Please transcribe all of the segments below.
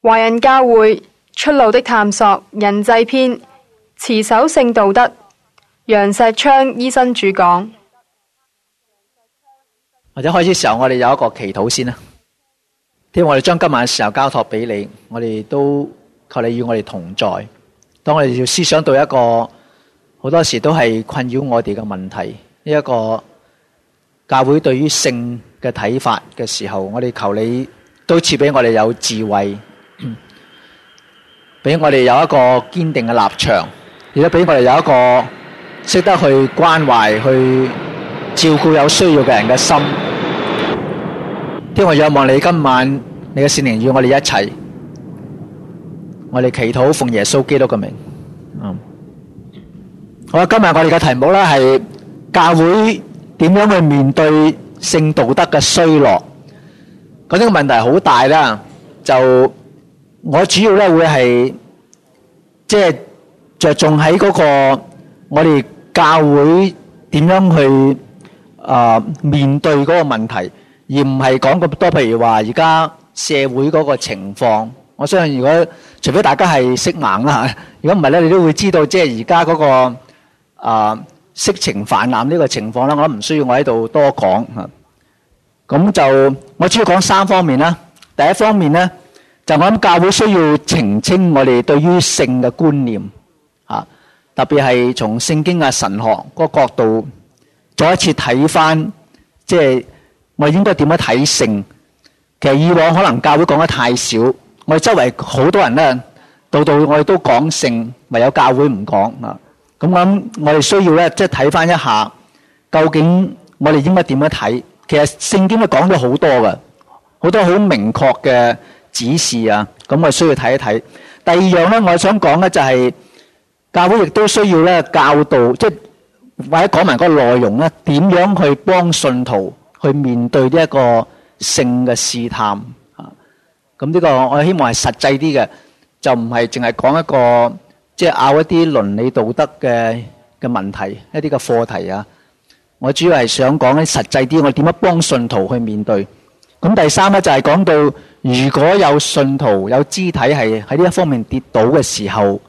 華人教會出路的探索，人際篇，持守性道德，楊錫鏘醫生主講。或者開始時候，我哋有一個祈禱先啦。希望我哋將今晚嘅時候交託俾你，我哋都求你與我哋同在。當我哋要思想到一個好多時候都係困擾我哋嘅問題，呢一個教會對於性嘅睇法嘅時候，我哋求你都賜俾我哋有智慧。俾我哋有一個堅定嘅立場，亦都俾我哋有一個識得去關懷、去照顧有需要嘅人嘅心。天父仰望你今晚，你嘅聖靈與我哋一齊，我哋祈禱奉耶穌基督嘅名。嗯，好啦！今日我哋嘅題目呢係教會點樣去面對性道德嘅衰落？咁呢個問題好大啦，就。我主要咧會係，即係着重喺嗰、那個我哋教會點樣去誒、呃、面對嗰個問題，而唔係講咁多。譬如話而家社會嗰個情況，我相信如果除非大家係色盲啦，如果唔係咧，你都會知道即係而家嗰個誒、呃、色情泛濫呢個情況啦。我唔需要我喺度多講吓。咁、嗯、就我主要講三方面啦。第一方面咧，就我諗教會需要澄清我哋對於性嘅觀念，啊，特別係從聖經嘅神學嗰個角度，再一次睇翻，即係我哋應該點樣睇性。其實以往可能教會講得太少，我哋周圍好多人咧，到到我哋都講性，唯有教會唔講啊。咁我諗我哋需要咧，即係睇翻一下，究竟我哋應該點樣睇？其實聖經都講咗好多噶，好多好明確嘅。指示啊，咁我需要睇一睇。第二樣呢，我想講呢、就係，就係教會亦都需要呢教導，即係或者講埋嗰個內容呢、啊，點樣去幫信徒去面對呢一個性嘅試探啊？咁呢個我希望係實際啲嘅，就唔係淨係講一個即係拗一啲倫理道德嘅嘅問題，一啲嘅課題啊。我主要係想講呢，實際啲，我點樣幫信徒去面對？咁第三咧，就係、是，講到，如果有信徒有肢體係喺呢一方面跌倒嘅時候，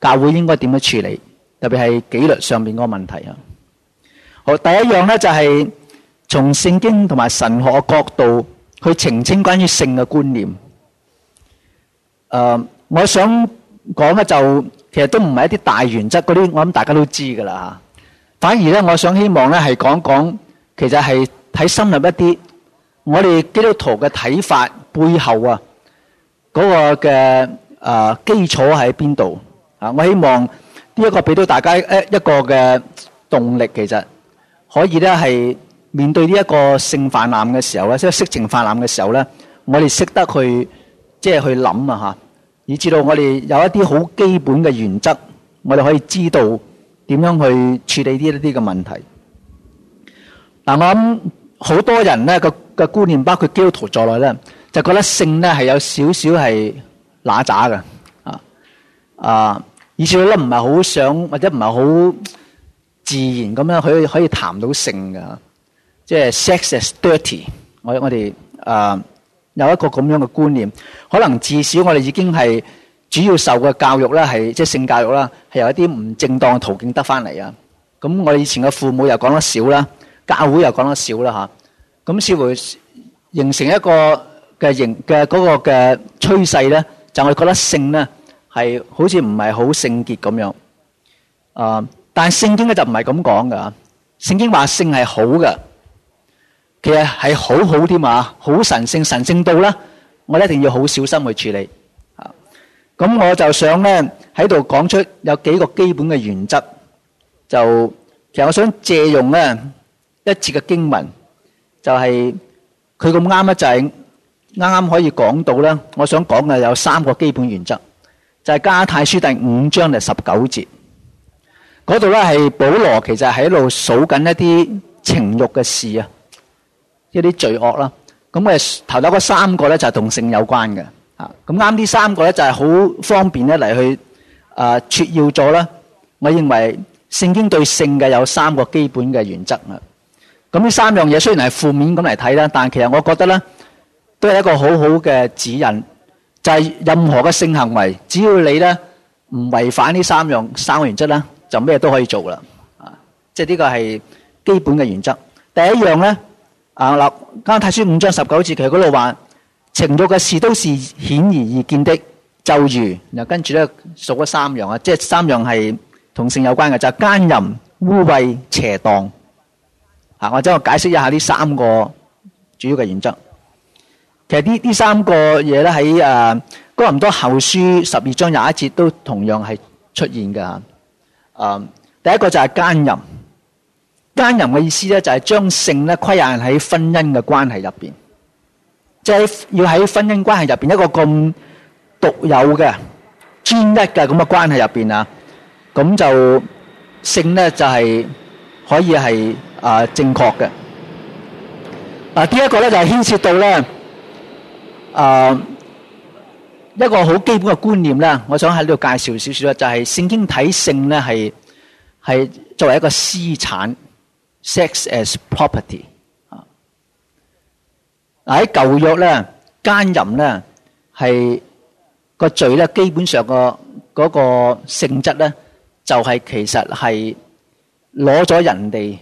教會應該點樣處理？特別係紀律上面嗰個問題啊。好，第一樣咧，就係、是，從聖經同埋神學嘅角度去澄清關於性嘅觀念。誒、呃，我想講咧就其實都唔係一啲大原則嗰啲，我諗大家都知噶啦吓。反而咧，我想希望咧係講講，其實係睇深入一啲。我哋基督徒嘅睇法背後啊，嗰、那個嘅誒、呃、基礎喺邊度啊？我希望呢一個俾到大家一一個嘅動力，其實可以咧係面對呢一個性泛濫嘅時候咧，即係色情泛濫嘅時候咧，我哋識得去即係去諗啊吓，以至到我哋有一啲好基本嘅原則，我哋可以知道點樣去處理呢一啲嘅問題。嗱，我諗好多人咧個。嘅觀念包括基督徒在內咧，就覺得性咧係有少少係乸喳嘅啊啊，以致到咧唔係好想或者唔係好自然咁樣可以可以談到性嘅，即係 sex is dirty。我我哋啊有一個咁樣嘅觀念，可能至少我哋已經係主要受嘅教育咧係即係性教育啦，係有一啲唔正當嘅途徑得翻嚟啊。咁我哋以前嘅父母又講得少啦，教會又講得少啦嚇。啊咁似乎形成一個嘅形嘅嗰個嘅趨勢咧，就我哋覺得性咧係好似唔係好聖潔咁樣。啊、嗯，但係聖經咧就唔係咁講噶。聖經話性係好噶，其實係好好添嘛，好神聖、神聖到啦，我咧一定要好小心去處理。啊、嗯，咁我就想咧喺度講出有幾個基本嘅原則，就其實我想借用咧一次嘅經文。就係佢咁啱啊！就係啱啱可以講到啦。我想講嘅有三個基本原則，就係、是、加太書第五章第十九節嗰度咧，係保羅其實喺度數緊一啲情欲嘅事啊，一啲罪惡啦。咁嘅頭頭嗰三個咧就係同性有關嘅。咁啱呢三個咧就係好方便咧嚟去啊撮要咗啦。我認為聖經對性嘅有三個基本嘅原則啊。咁呢三樣嘢雖然係負面咁嚟睇啦，但其實我覺得咧，都係一個好好嘅指引，就係任何嘅性行為，只要你咧唔違反呢三樣三個原則啦，就咩都可以做啦。啊，即係呢個係基本嘅原則。第一樣咧，啊嗱，加拉太書五章十九節，佢嗰度話情欲嘅事都是顯而易見的，就如，跟住咧數咗三樣啊，即係三樣係同性有關嘅，就係奸淫、污穢、邪蕩。啊！或者我即係解釋一下呢三個主要嘅原則。其實呢呢三個嘢咧喺誒，哥林多後書十二章廿一節都同樣係出現嘅吓、呃。第一個就係奸淫。奸淫嘅意思咧就係將性咧規限喺婚姻嘅關係入邊，即係要喺婚姻關係入邊一個咁獨有嘅專一嘅咁嘅關係入邊啊。咁就性咧就係可以係。啊，正確嘅嗱，呢一個咧就牽涉到咧啊一個好基本嘅觀念咧，我想喺呢度介紹少少咧，就係聖經體性咧，係係作為一個私產 （sex as property） 啊。嗱喺舊約咧，奸淫咧係個罪咧，基本上個嗰個性質咧就係其實係攞咗人哋嘅……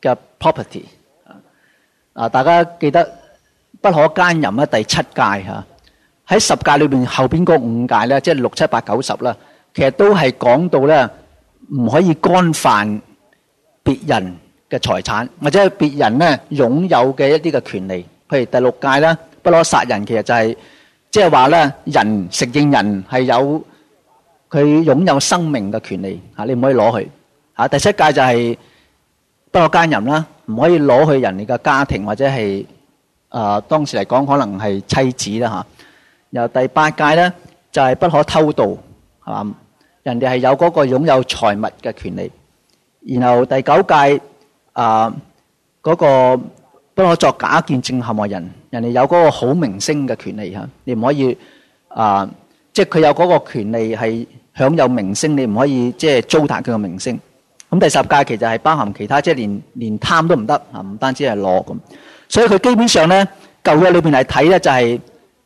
嘅 property 啊，大家記得不可奸淫啊，第七誡嚇喺十誡裏邊後邊嗰五誡咧，即係六七八九十啦，其實都係講到咧唔可以干犯別人嘅財產，或者係別人咧擁有嘅一啲嘅權利。譬如第六誡啦，不可殺人，其實就係即係話咧，就是、人承認人係有佢擁有生命嘅權利嚇，你唔可以攞佢嚇。第七誡就係、是。不可奸淫啦，唔可以攞去人哋嘅家庭或者係啊當時嚟講，可能係妻子啦嚇。然後第八戒咧就係不可偷盜，係嘛？人哋係有嗰個擁有財物嘅權利。然後第九戒啊嗰個不可作假見證陷害人，人哋有嗰個好名聲嘅權利嚇，你唔可以啊，即係佢有嗰個權利係享有名聲，你唔可以即係糟蹋佢嘅名聲。咁第十戒其實係包含其他，即係連連貪都唔得嚇，唔單止係攞。咁所以佢基本上咧，舊約裏邊嚟睇咧，就係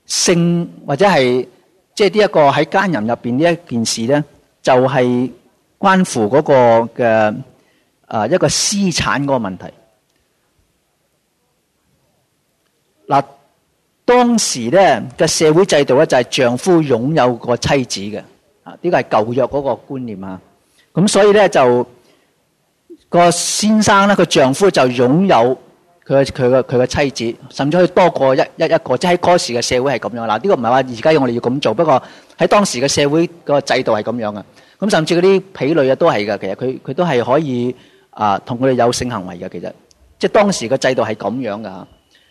性或者係即係呢一個喺奸淫入邊呢一件事咧，就係、是、關乎嗰個嘅啊一個私產嗰個問題。嗱，當時咧嘅社會制度咧就係丈夫擁有個妻子嘅，啊呢個係舊約嗰個觀念啊。咁所以咧就。個先生咧，佢丈夫就擁有佢佢佢佢嘅妻子，甚至可以多過一一一個。即係嗰時嘅社會係咁樣嗱，呢、呢個唔係話而家要我哋要咁做，不過喺當時嘅社會個制度係咁樣嘅。咁甚至嗰啲婢女啊都係嘅，其實佢佢都係可以啊同佢哋有性行為嘅。其實即當時嘅制度係咁樣嘅。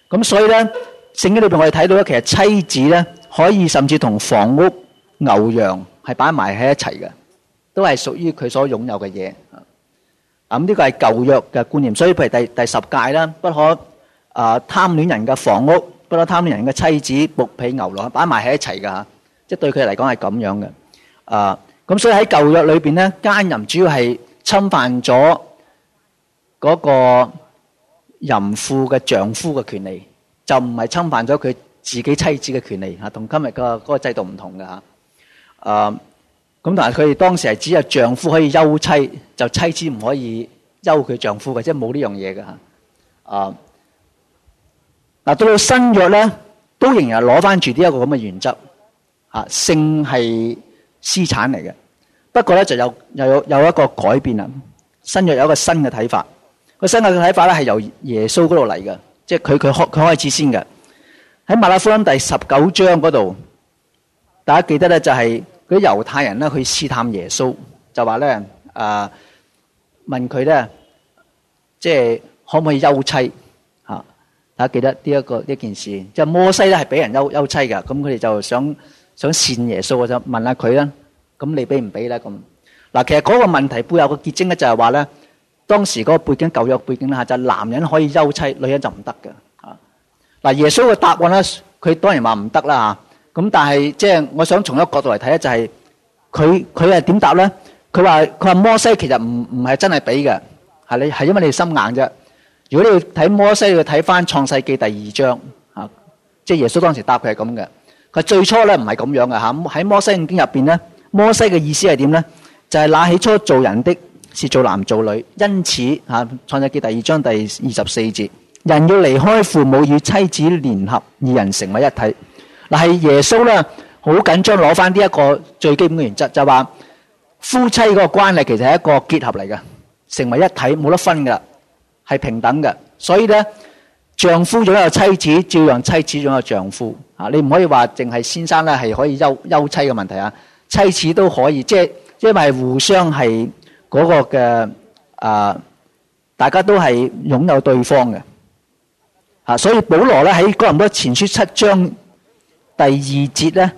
咁所以咧，聖經裏面我哋睇到咧，其實妻子咧可以甚至同房屋、牛羊係擺埋喺一齊嘅，都係屬於佢所擁有嘅嘢。咁呢個係舊約嘅觀念，所以譬如第第十戒啦，不可誒貪戀人嘅房屋，不可貪戀人嘅妻子、僕婢、牛驢，擺埋喺一齊㗎嚇。即係對佢嚟講係咁樣嘅。誒，咁所以喺舊約裏邊咧，姦淫主要係侵犯咗嗰個淫婦嘅丈夫嘅權利，就唔係侵犯咗佢自己妻子嘅權利嚇。同今日嘅嗰個制度唔同㗎嚇。誒。咁但係佢哋當時係只有丈夫可以休妻，就妻子唔可以休佢丈夫嘅，即係冇呢樣嘢嘅吓。啊，嗱，到到新約咧，都仍然係攞翻住呢一個咁嘅原則，吓、啊，性係私產嚟嘅。不過咧就有又有有一個改變啦，新約有一個新嘅睇法，個新嘅睇法咧係由耶穌嗰度嚟嘅，即係佢佢開佢開始先嘅。喺馬太福音第十九章嗰度，大家記得咧就係、是。嗰啲猶太人咧，去試探耶穌，就話咧，誒，問佢咧，即係可唔可以休妻？吓，大家記得呢一個一件事，即係摩西咧係俾人休休妻嘅，咁佢哋就想想試耶穌，我就問下佢啦，咁你俾唔俾咧？咁嗱，其實嗰個問題背後個結晶咧就係話咧，當時嗰個背景舊約背景咧，就係男人可以休妻，女人就唔得嘅。吓嗱，耶穌嘅答案咧，佢當然話唔得啦，吓。咁但係即係我想從一個角度嚟睇咧，就係佢佢係點答咧？佢話佢話摩西其實唔唔係真係俾嘅，係你係因為你心硬啫。如果你要睇摩西，你要睇翻創世記第二章，吓，即係耶穌當時答佢係咁嘅。佢最初咧唔係咁樣嘅吓，喺摩西五經入邊咧，摩西嘅意思係點咧？就係、是、那起初造人的是造男造女，因此吓創世記第二章第二十四節，人要離開父母與妻子聯合二人成為一體。但係耶穌咧，好緊張攞翻呢一個最基本嘅原則，就話、是、夫妻嗰個關係其實係一個結合嚟嘅，成為一體冇得分噶，係平等嘅。所以咧，丈夫擁有妻子，照樣妻子擁有丈夫。啊，你唔可以話淨係先生咧係可以休休妻嘅問題啊，妻子都可以，即係因為互相係嗰個嘅啊、呃，大家都係擁有對方嘅。啊，所以保羅咧喺哥林多前書七章，第二節呢，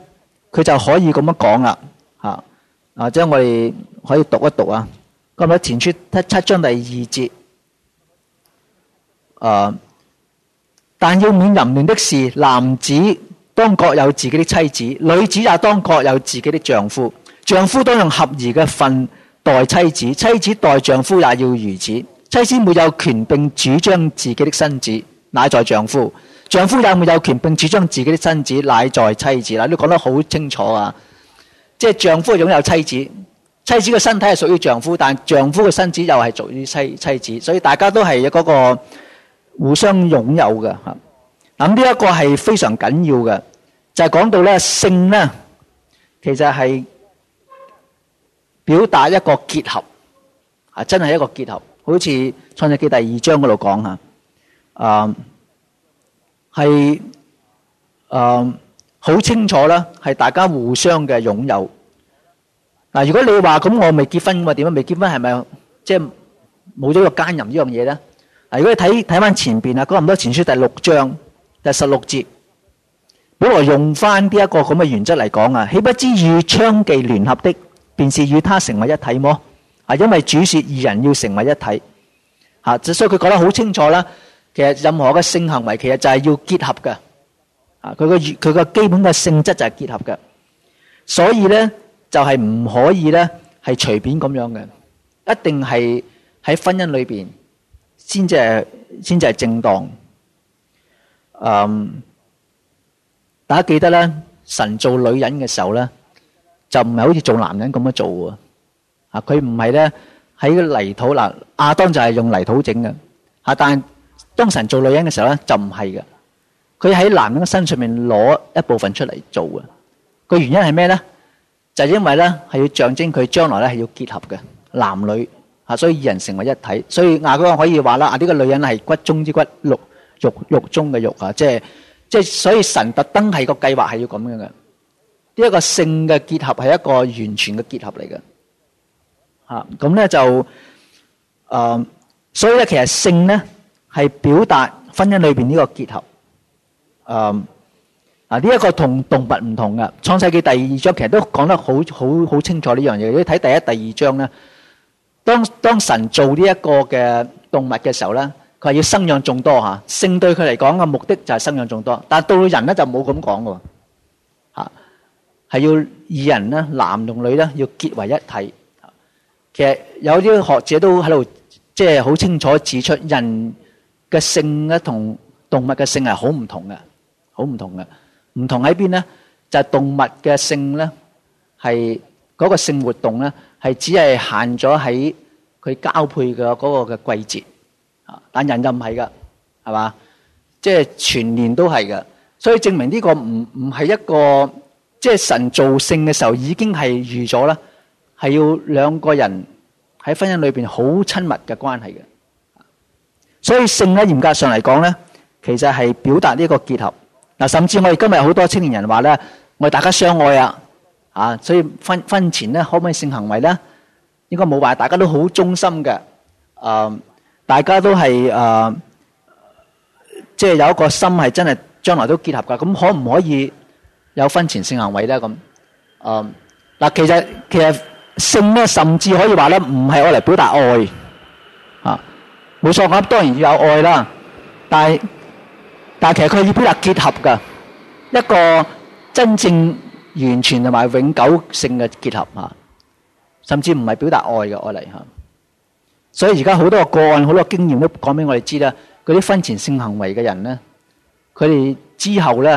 佢就可以咁樣講啦，啊，將、啊、我哋可以讀一讀啊。咁我哋前書七章第二節，啊、但要免淫亂的事，男子當各有自己的妻子，女子也當各有自己的丈夫。丈夫當用合宜嘅份待妻子，妻子待丈夫也要如此。妻子沒有權柄主張自己的身子，乃在丈夫。丈夫有冇有權，並且將自己嘅身子乃在妻子啦？你講得好清楚啊！即係丈夫擁有妻子，妻子嘅身體係屬於丈夫，但係丈夫嘅身子又係屬於妻妻子，所以大家都係有嗰個互相擁有嘅吓。咁呢一個係非常緊要嘅，就係講到咧性咧，其實係表達一個結合，啊，真係一個結合，好似創世紀第二章嗰度講啊，啊。係，嗯，好、呃、清楚啦，係大家互相嘅擁有。嗱、啊，如果你話，咁我未結婚咁點啊？未結婚係咪即係冇咗個奸淫呢樣嘢咧？如果你睇睇翻前邊啊，《哥林多前書》第六章第十六節，本來用翻呢一個咁嘅原則嚟講啊，豈不知與娼妓聯合的，便是與他成為一體麼？啊，因為主說二人要成為一體，啊，所以佢講得好清楚啦。其實任何嘅性行為，其實就係要結合嘅啊。佢個佢個基本嘅性質就係結合嘅，所以咧就係唔可以咧係隨便咁樣嘅，一定係喺婚姻裏邊先至係先至係正當。嗯，大家記得咧，神做女人嘅時候咧就唔係好似做男人咁樣做啊。佢唔係咧喺個泥土嗱，亞當就係用泥土整嘅啊，但係。當神做女人嘅時候咧，就唔係嘅。佢喺男人嘅身上面攞一部分出嚟做嘅。個原因係咩咧？就係因為咧，係要象徵佢將來咧係要結合嘅男女啊，所以二人成為一體。所以亞哥可以話啦，啊呢個女人係骨中之骨，肉肉肉中嘅肉啊，即係即係，所以神特登係個計劃係要咁樣嘅。呢一個性嘅結合係一個完全嘅結合嚟嘅。吓咁咧就誒，所以咧其實性咧。係表達婚姻裏邊呢個結合，嗯，啊呢一個同動物唔同嘅，《創世記》第二章其實都講得好好好清楚呢樣嘢。你睇第一、第二章咧，當當神做呢一個嘅動物嘅時候咧，佢係要生養眾多吓，性對佢嚟講嘅目的就係生養眾多。但係到到人咧就冇咁講嘅，吓係要二人咧，男同女咧要結為一體。其實有啲學者都喺度即係好清楚指出人，嘅性啊，同動物嘅性係好唔同嘅，好唔同嘅。唔同喺邊咧？就係、是、動物嘅性咧，係嗰、那個性活動咧，係只係限咗喺佢交配嘅嗰個嘅季節啊。但人又唔係噶，係嘛？即、就、係、是、全年都係㗎。所以證明呢個唔唔係一個，即、就、係、是、神造性嘅時候已經係預咗啦，係要兩個人喺婚姻裏邊好親密嘅關係嘅。所以性咧，嚴格上嚟講咧，其實係表達呢個結合。嗱，甚至我哋今日好多青年人話咧，我哋大家相愛啊，啊，所以婚婚前咧可唔可以性行為咧？應該冇話，大家都好忠心嘅。誒，大家都係誒，即係有一個心係真係將來都結合㗎。咁可唔可以有婚前性行為咧？咁，誒嗱，其實其實性咧，甚至可以話咧，唔係我嚟表達愛。冇錯，咁當然要有愛啦。但係，但係其實佢要表達結合嘅一個真正完全同埋永久性嘅結合㗎，甚至唔係表達愛嘅愛嚟㗎。所以而家好多個案，好多經驗都講俾我哋知啦。嗰啲婚前性行為嘅人咧，佢哋之後咧，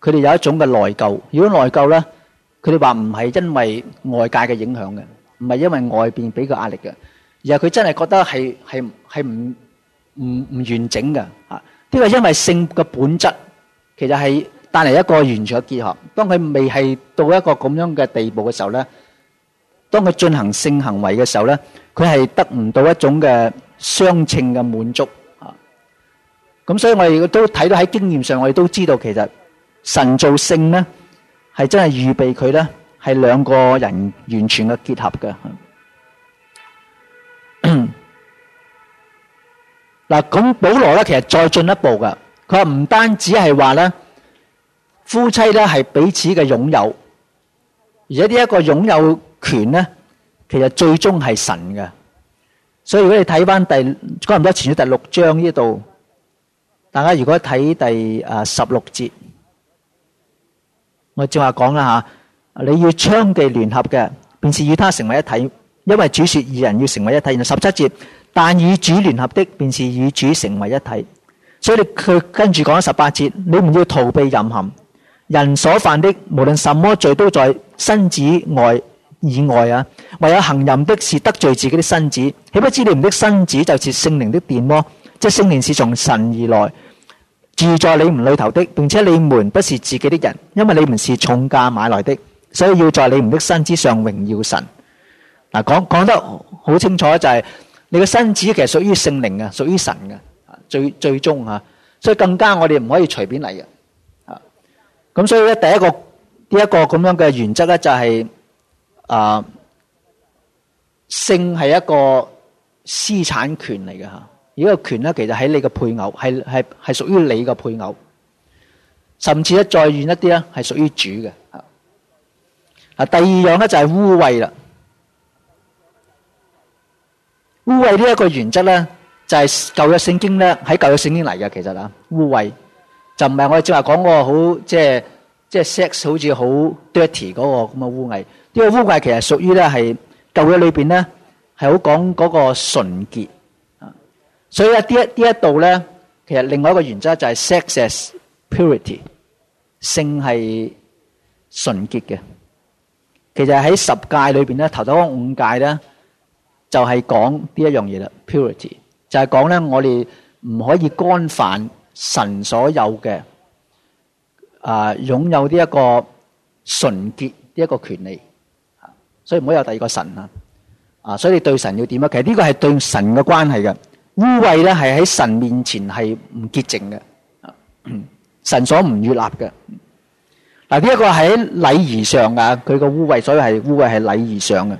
佢哋有一種嘅內疚。如果內疚咧，佢哋話唔係因為外界嘅影響嘅，唔係因為外邊俾個壓力嘅。而佢真係覺得係係係唔唔唔完整嘅啊！呢個因為性嘅本質其實係帶嚟一個完全嘅結合。當佢未係到一個咁樣嘅地步嘅時候咧，當佢進行性行為嘅時候咧，佢係得唔到一種嘅相稱嘅滿足啊！咁所以我哋都睇到喺經驗上，我哋都知道其實神造性咧係真係預備佢咧係兩個人完全嘅結合嘅。嗱，咁保羅咧，其實再進一步㗎。佢話唔單止係話咧，夫妻咧係彼此嘅擁有，而且呢一個擁有權咧，其實最終係神嘅。所以如果你睇翻第，差唔多前咗第六章呢度，大家如果睇第十六節，我正話講啦吓，你要娼妓聯合嘅，便是與他成為一體，因為主說二人要成為一體。然後十七節。但與主聯合的，便是與主成為一體。所以你佢跟住講十八節，你唔要逃避淫行。」人所犯的無論什麼罪，都在身子外以外啊。唯有行淫的是得罪自己的身子，豈不知你們的身子就是聖靈的殿麼？即聖靈是從神而來，住在你們裏頭的，並且你們不是自己的人，因為你們是重價買來的。所以要在你們的身子上榮耀神。嗱，講講得好清楚就係、是。你嘅身子其實屬於聖靈嘅，屬於神嘅，啊最最終吓，所以更加我哋唔可以隨便嚟嘅，就是，啊，咁所以咧第一個呢一個咁樣嘅原則咧就係啊，性係一個私產權嚟嘅吓，呢，這個權咧其實喺你嘅配偶，係係係屬於你嘅配偶，甚至咧再遠一啲咧係屬於主嘅，啊，啊第二樣咧就係污穢啦。污穢呢一個原則咧，就係舊約聖經咧喺舊約聖經嚟嘅。其實啊，污穢就唔係我哋正話講嗰個好即係即係 sex 好似好 dirty 嗰個咁嘅污穢。呢個污穢、這個、其實屬於咧係舊約裏邊咧係好講嗰個純潔啊。所以咧呢一呢一度咧，其實另外一個原則就係 sex is purity，性係純潔嘅。其實喺十誡裏邊咧，頭頭嗰五誡咧。就係講呢一樣嘢啦，purity 就係講咧，我哋唔可以干犯神所有嘅啊、呃、擁有呢一個純潔呢一個權利，所以唔好有第二個神啊，啊所以你對神要點啊？其實呢個係對神嘅關係嘅污穢咧，係喺神面前係唔潔淨嘅、啊，神所唔悦納嘅。嗱呢一個喺禮儀上噶，佢個污穢所以係污穢係禮儀上嘅。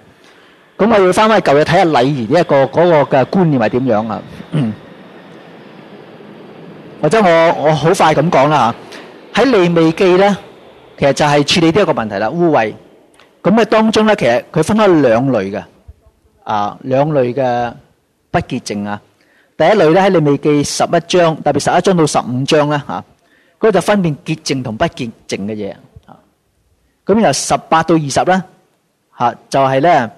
咁我要翻翻舊嘢，睇下禮儀呢一個嗰個嘅觀念係點樣啊？或者我我好快咁講啦吓，喺利未記咧，其實就係處理呢一個問題啦污穢。咁嘅當中咧，其實佢分開兩類嘅，啊兩類嘅不潔淨啊。第一類咧喺利未記十一章，特別十一章到十五章咧吓，嗰度就分辨潔淨同不潔淨嘅嘢。咁由十八到二十咧吓，就係咧。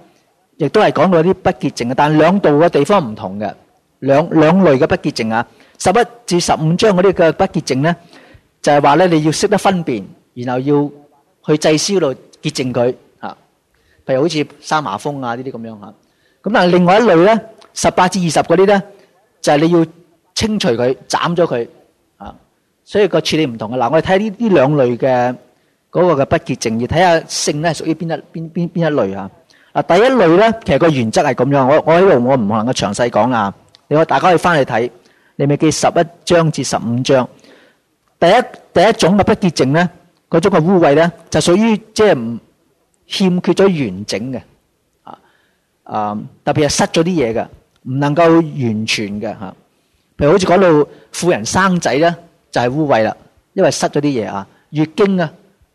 亦都係講到啲不潔淨嘅，但兩度嘅地方唔同嘅，兩兩類嘅不潔淨啊，十一至十五章嗰啲嘅不潔淨咧，就係話咧你要識得分辨，然後要去祭司嗰度潔淨佢啊，譬如好似三麻風啊呢啲咁樣吓。咁但係另外一類咧，十八至二十嗰啲咧，就係你要清除佢，斬咗佢啊。所以個處理唔同嘅。嗱，我哋睇下呢呢兩類嘅嗰個嘅不潔淨，要睇下性咧係屬於邊一邊邊邊一類啊。啊，第一類咧，其實個原則係咁樣，我在我希望我唔能夠詳細講啊，你可大家可以翻去睇，你咪記十一章至十五章。第一第一種嘅不潔淨咧，嗰種嘅污穢咧，就屬於即係唔欠缺咗完整嘅，啊啊，特別係失咗啲嘢嘅，唔能夠完全嘅嚇。譬如好似講到婦人生仔咧，就係污穢啦，因為失咗啲嘢啊，月經啊。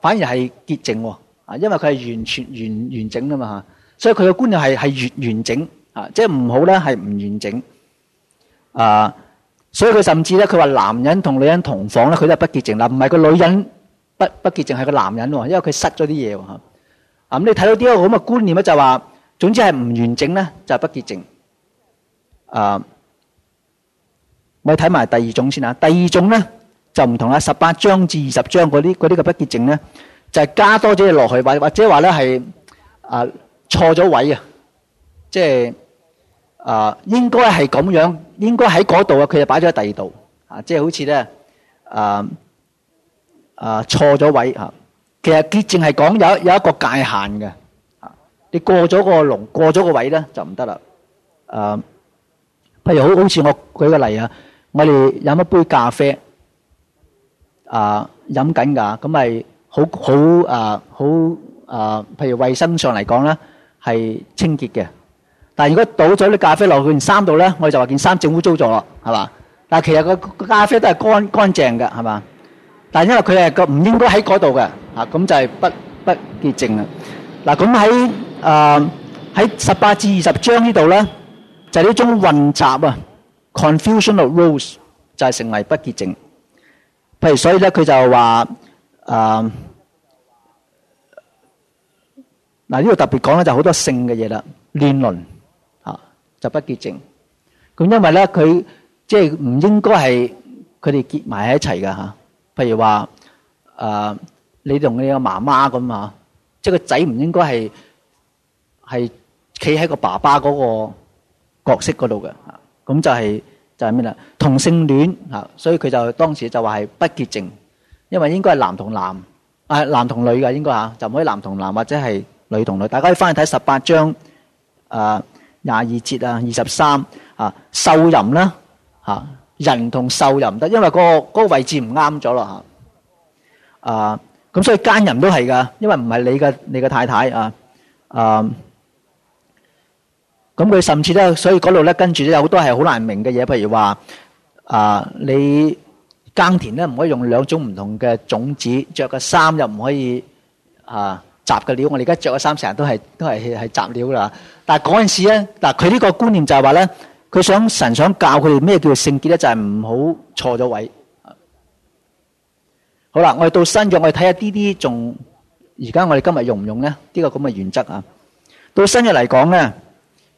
反而係潔淨喎，啊，因為佢係完全完完，完整噶嘛，所以佢嘅觀念係係完完整，啊，即係唔好咧係唔完整，啊，所以佢甚至咧佢話男人同女人同房咧佢都係不潔淨，啦唔係個女人不不潔淨係個男人，啊、因為佢失咗啲嘢，吓、啊，咁、嗯、你睇到啲咁嘅觀念咧就話，總之係唔完整咧就係、是、不潔淨，啊，我睇埋第二種先啊，第二種咧。就唔同啊！十八章至二十章嗰啲嗰啲嘅不結證咧，就係、是、加多咗嘢落去，或或者話咧係啊錯咗位啊，即係啊應該係咁樣，應該喺嗰度啊，佢就擺咗喺第二度啊，即係好似咧啊啊錯咗位嚇，其實潔淨係講有有一個界限嘅啊，你過咗個籠，過咗個位咧就唔得啦。誒、啊，譬如好好似我舉個例啊，我哋飲一杯咖啡。啊，飲緊㗎，咁咪好好啊，好啊，譬如衛生上嚟講咧，係清潔嘅。但係如果倒咗啲咖啡落去件衫度咧，我哋就話件衫整污糟咗啦，係嘛？但係其實個咖啡都係乾乾淨嘅，係嘛？但係因為佢係個唔應該喺嗰度嘅，啊，咁就係不不潔淨啦。嗱，咁喺啊喺十八至二十章呢度咧，就係呢種混雜啊，confusion of rules 就係成為不潔淨。譬如，所以咧佢就話：，啊，嗱呢度特別講咧，就好多性嘅嘢啦，亂倫啊，就不潔淨。咁因為咧，佢即係唔應該係佢哋結埋喺一齊嘅嚇。譬如話，誒、啊、你同你個媽媽咁嚇，即係個仔唔應該係係企喺個爸爸嗰個角色嗰度嘅嚇，咁就係。嗯嗯就係咩啦？同性戀嚇，所以佢就當時就話係不潔淨，因為應該係男同男啊，男同女嘅應該嚇，就唔可以男同男或者係女同女。大家可以翻去睇十八章啊，廿二節啊，二十三啊，獸淫啦嚇，人同獸又唔得，因為嗰個嗰個位置唔啱咗啦嚇。啊，咁所以奸淫都係㗎，因為唔係你嘅你嘅太太啊啊。咁佢甚至都，所以嗰度咧，跟住咧有好多係好難明嘅嘢。譬如話啊，你耕田咧唔可以用兩種唔同嘅種子，着嘅衫又唔可以啊，雜嘅料。我哋而家着嘅衫成日都係都係係雜料㗎啦。但係嗰陣時咧，嗱佢呢個觀念就係話咧，佢想神想教佢哋咩叫做聖潔咧，就係唔好錯咗位。好啦，我哋到新約，我哋睇下啲啲，仲而家我哋今日用唔用咧？呢個咁嘅原則啊，到新約嚟講咧。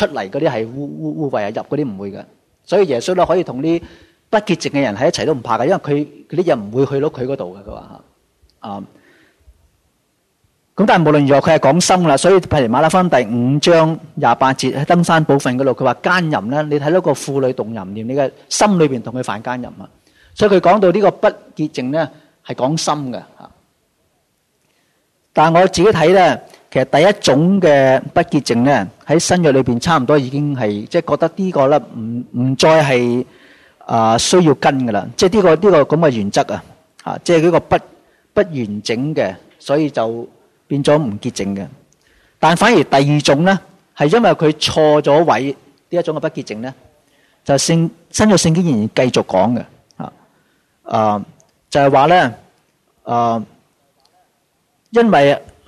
出嚟嗰啲係污污污穢，係入嗰啲唔會嘅，所以耶穌咧可以同啲不潔淨嘅人喺一齊都唔怕㗎，因為佢佢啲人唔會去到佢嗰度嘅。佢話啊，咁但係無論如何，佢係講心啦，所以譬如馬太福音第五章廿八節喺登山寶訓嗰度，佢話奸淫咧，你睇到個婦女動淫念，你嘅心裏邊同佢犯奸淫啊，所以佢講到呢個不潔淨咧係講心嘅吓，但係我自己睇咧。其實第一種嘅不潔淨咧，喺新約裏邊差唔多已經係即係覺得呢個咧唔唔再係啊需要跟噶啦，即係呢個呢個咁嘅原則啊，啊即係呢個不不完整嘅，所以就變咗唔潔淨嘅。但反而第二種咧，係因為佢錯咗位呢一種嘅不潔淨咧，就聖新約聖經仍然繼續講嘅啊，誒就係話咧，誒因為。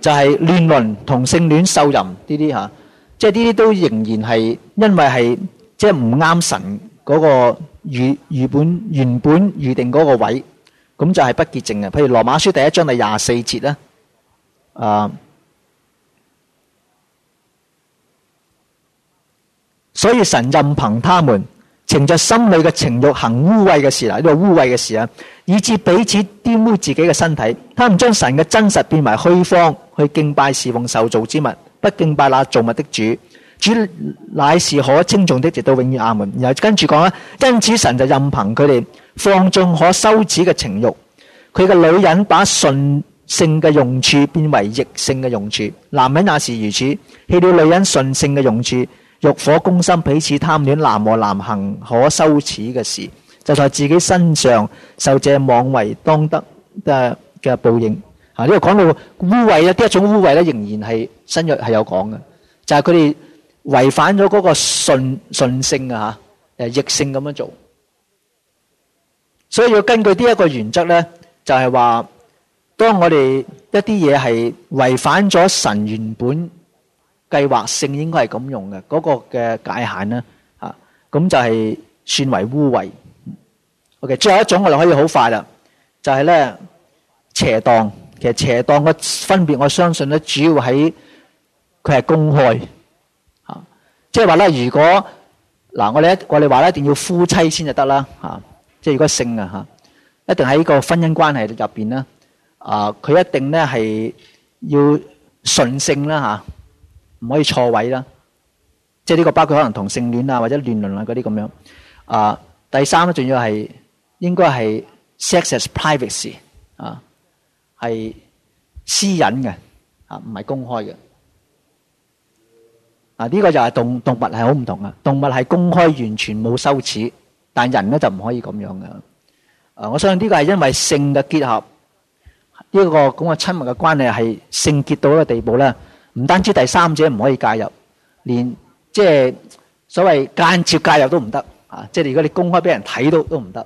就係亂倫、同性戀、獸淫呢啲嚇，即係呢啲都仍然係因為係即係唔啱神嗰個預預本原本預定嗰個位，咁就係不潔淨嘅。譬如羅馬書第一章第廿四節啦，啊，所以神任憑他們。情着心裏嘅情欲行污穢嘅事啦，呢、這個污穢嘅事啊，以致彼此玷污自己嘅身體，他唔將神嘅真實變為虛謊，去敬拜事奉受造之物，不敬拜那造物的主，主乃是可稱頌的，直到永遠阿、啊、門。然後跟住講啦，因此神就任憑佢哋放縱可羞恥嘅情欲，佢嘅女人把順性嘅用處變為逆性嘅用處，男人也是如此，棄了女人順性嘅用處。欲火攻心，彼此貪戀，男和男行，可羞恥嘅事，就在自己身上受這妄為當得嘅嘅報應。吓、啊，呢個講到污穢咧，呢一種污穢咧，仍然係新約係有講嘅，就係佢哋違反咗嗰個順順性啊，誒逆性咁樣做。所以要根據呢一個原則咧，就係、是、話，當我哋一啲嘢係違反咗神原本。計劃性應該係咁用嘅嗰、那個嘅界限啦，嚇、啊，咁就係算為污穢。OK，最後一種我哋可以好快啦，就係、是、咧邪當，其實邪當嘅分別。我相信咧主要喺佢係公開嚇、啊，即係話咧，如果嗱、啊、我哋我哋話咧，一定要夫妻先就得啦嚇，即係如果性嘅嚇、啊，一定喺呢個婚姻關係入邊啦，啊，佢一定咧係要純性啦嚇。啊唔可以錯位啦，即係呢個包括可能同性戀啊，或者亂倫啊嗰啲咁樣。啊，第三咧，仲要係應該係 sex 係 privacy 啊，係私隱嘅啊，唔係公開嘅。啊，呢個就係動動物係好唔同啊，動物係公開，完全冇羞恥，但人咧就唔可以咁樣嘅。啊，我相信呢個係因為性嘅結合，呢個咁嘅親密嘅關係係性結到一個地步咧。唔單止第三者唔可以介入，連即係所謂間接介入都唔得啊！即係如果你公開俾人睇到都唔得。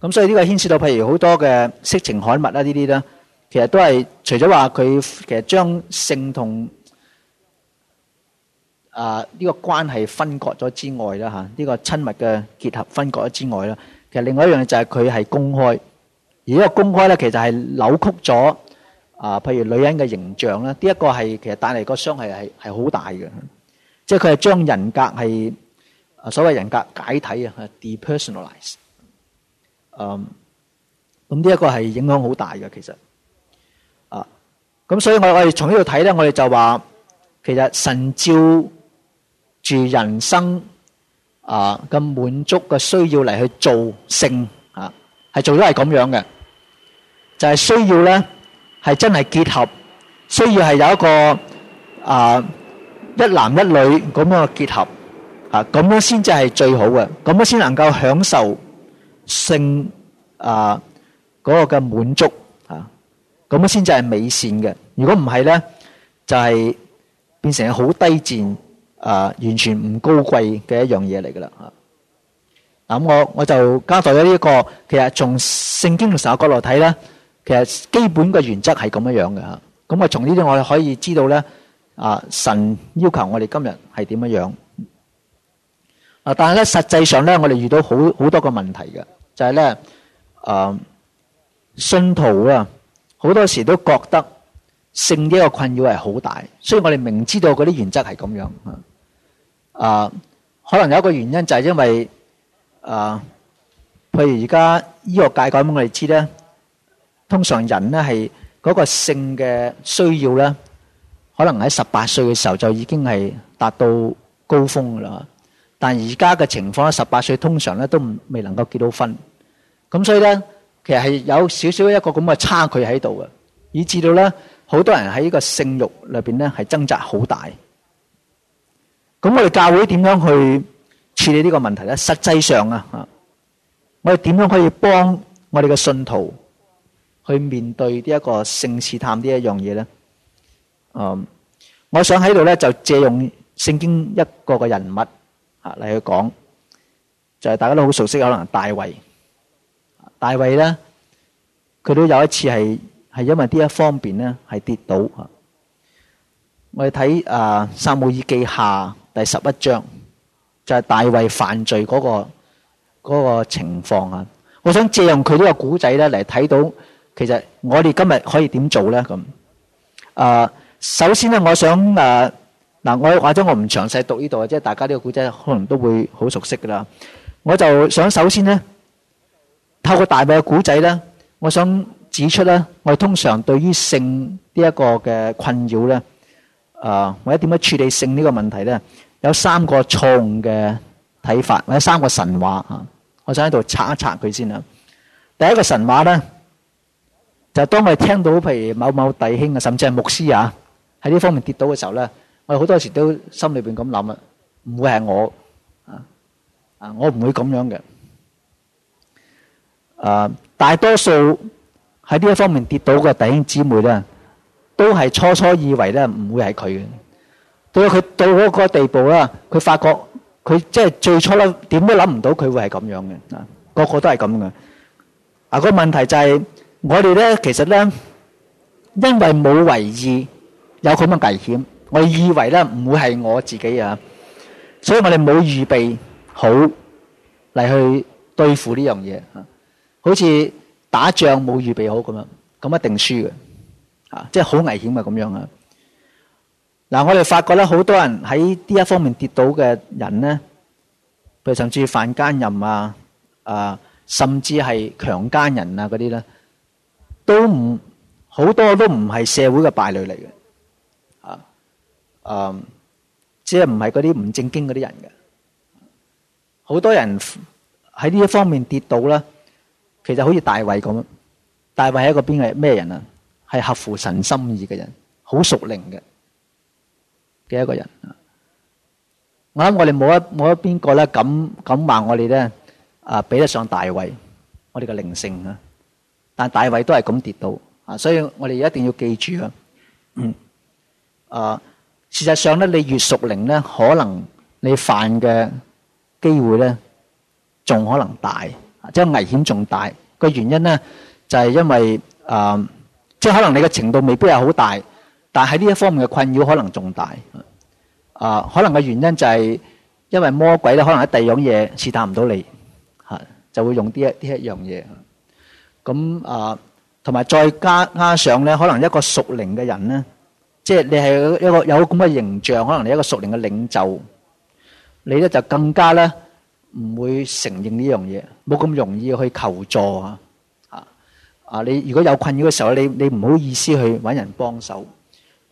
咁所以呢個牽涉到譬如好多嘅色情刊物啦呢啲啦，其實都係除咗話佢其實將性同啊呢個關係分割咗之外啦嚇，呢個親密嘅結合分割咗之外啦，其實另外一樣嘢就係佢係公開，而呢個公開咧其實係扭曲咗。啊，譬如女人嘅形象咧，呢一個係其實帶嚟個傷害係係係好大嘅，即係佢係將人格係啊所謂人格解體啊，係 depersonalize，嗯，咁呢一個係影響好大嘅，其實，啊，咁所以我我哋從呢度睇咧，我哋就話其實神照住人生啊嘅滿足嘅需要嚟去做性啊，係做咗係咁樣嘅，就係需要咧。係真係結合，需要係有一個啊一男一女咁樣嘅結合啊，咁樣先至係最好嘅，咁樣先能夠享受性啊嗰個嘅滿足啊，咁樣先至係美善嘅。如果唔係咧，就係變成好低賤啊，完全唔高貴嘅一樣嘢嚟噶啦啊。嗱咁我我就交代咗呢個，其實從聖經嘅角度嚟睇咧。其實基本嘅原則係咁樣樣嘅，吓，咁啊從呢啲我哋可以知道咧，啊神要求我哋今日係點樣樣啊？但係咧，實際上咧，我哋遇到好好多個問題嘅，就係咧啊信徒啊，好多時都覺得性呢個困擾係好大，所以我哋明知道嗰啲原則係咁樣啊，啊可能有一個原因，就係因為啊，譬如而家醫學界咁，我哋知咧。通常人咧係嗰個性嘅需要咧，可能喺十八歲嘅時候就已經係達到高峰噶啦。但而家嘅情況咧，十八歲通常咧都未能夠結到婚。咁所以咧，其實係有少少一個咁嘅差距喺度嘅，以至到咧好多人喺呢個性慾裏邊咧係掙扎好大。咁我哋教會點樣去處理呢個問題咧？實際上啊，我哋點樣可以幫我哋嘅信徒？去面對呢一個性試探呢一樣嘢咧，誒，我想喺度咧就借用聖經一個嘅人物吓嚟去講，就係大家都好熟悉可能大衛，大衛咧佢都有一次係係因為呢一方面咧係跌倒吓，我哋睇誒《撒母耳記下》第十一章，就係大衛犯罪嗰個嗰個情況啊。我想借用佢呢個古仔咧嚟睇到。其實我哋今日可以點做咧咁？誒、呃，首先咧，我想誒嗱，呃、或者我話咗我唔詳細讀呢度啊，即係大家呢個古仔可能都會好熟悉㗎喇。我就想首先咧，透過大部嘅古仔咧，我想指出咧，我通常對於性呢一個嘅困擾咧，誒、呃、或者點樣處理性呢個問題咧，有三個錯誤嘅睇法或者三個神話嚇。我想喺度拆一拆佢先啊。第一個神話咧。就當我哋聽到譬如某某弟兄啊，甚至係牧師啊，喺呢方面跌倒嘅時候咧，我哋好多時都心裏邊咁諗啊，唔會係我啊啊，我唔會咁樣嘅。啊，大多數喺呢一方面跌倒嘅弟兄姊妹咧，都係初初以為咧唔會係佢嘅，到到佢到咗嗰個地步啦，佢發覺佢即係最初咧點都諗唔到佢會係咁樣嘅，啊，個個都係咁嘅。啊，個問題就係。我哋咧，其實咧，因為冇為意有咁嘅危險，我哋以為咧唔會係我自己啊，所以我哋冇預備好嚟去對付呢樣嘢啊，好似打仗冇預備好咁樣，咁一定輸嘅啊，即係好危險啊咁樣啊。嗱，我哋發覺咧，好多人喺呢一方面跌倒嘅人咧，譬如甚至犯奸淫啊，啊，甚至係強奸人啊嗰啲咧。都唔好多，都唔係社會嘅敗類嚟嘅，啊，嗯，即係唔係嗰啲唔正經嗰啲人嘅。好多人喺呢一方面跌倒啦，其實好似大衛咁，大衛係一個邊個咩人啊？係合乎神心意嘅人，好屬靈嘅嘅一個人。我諗我哋冇一冇一邊個咧敢敢話我哋咧啊，比得上大衛，我哋嘅靈性啊！但大衛都係咁跌倒，啊！所以我哋一定要記住啊。啊、嗯呃，事實上咧，你越屬靈咧，可能你犯嘅機會咧，仲可能大，即係危險仲大。個原因咧，就係、是、因為啊、呃，即係可能你嘅程度未必係好大，但係呢一方面嘅困擾可能仲大。啊、呃，可能嘅原因就係、是、因為魔鬼咧，可能喺第二樣嘢試探唔到你，嚇就會用呢一呢一樣嘢。咁啊，同埋再加加上咧，可能一個屬靈嘅人咧，即係你係一個有咁嘅形象，可能你一個屬靈嘅領袖，你咧就更加咧唔會承認呢樣嘢，冇咁容易去求助啊！啊啊！你如果有困擾嘅時候，你你唔好意思去搵人幫手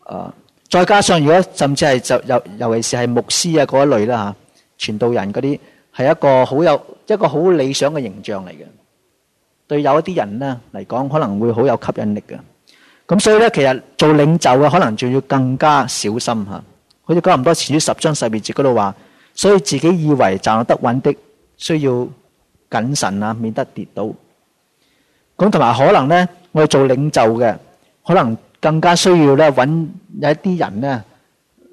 啊！再加上如果甚至係就尤尤其是係牧師啊嗰一類啦嚇，傳道人嗰啲係一個好有一個好理想嘅形象嚟嘅。對有一啲人咧嚟講，可能會好有吸引力嘅。咁所以咧，其實做領袖嘅可能仲要更加小心吓。好似哥林多前書十章十二節嗰度話，所以自己以為站得穩的，需要謹慎啊，免得跌倒。咁同埋可能咧，我哋做領袖嘅，可能更加需要咧揾有一啲人咧，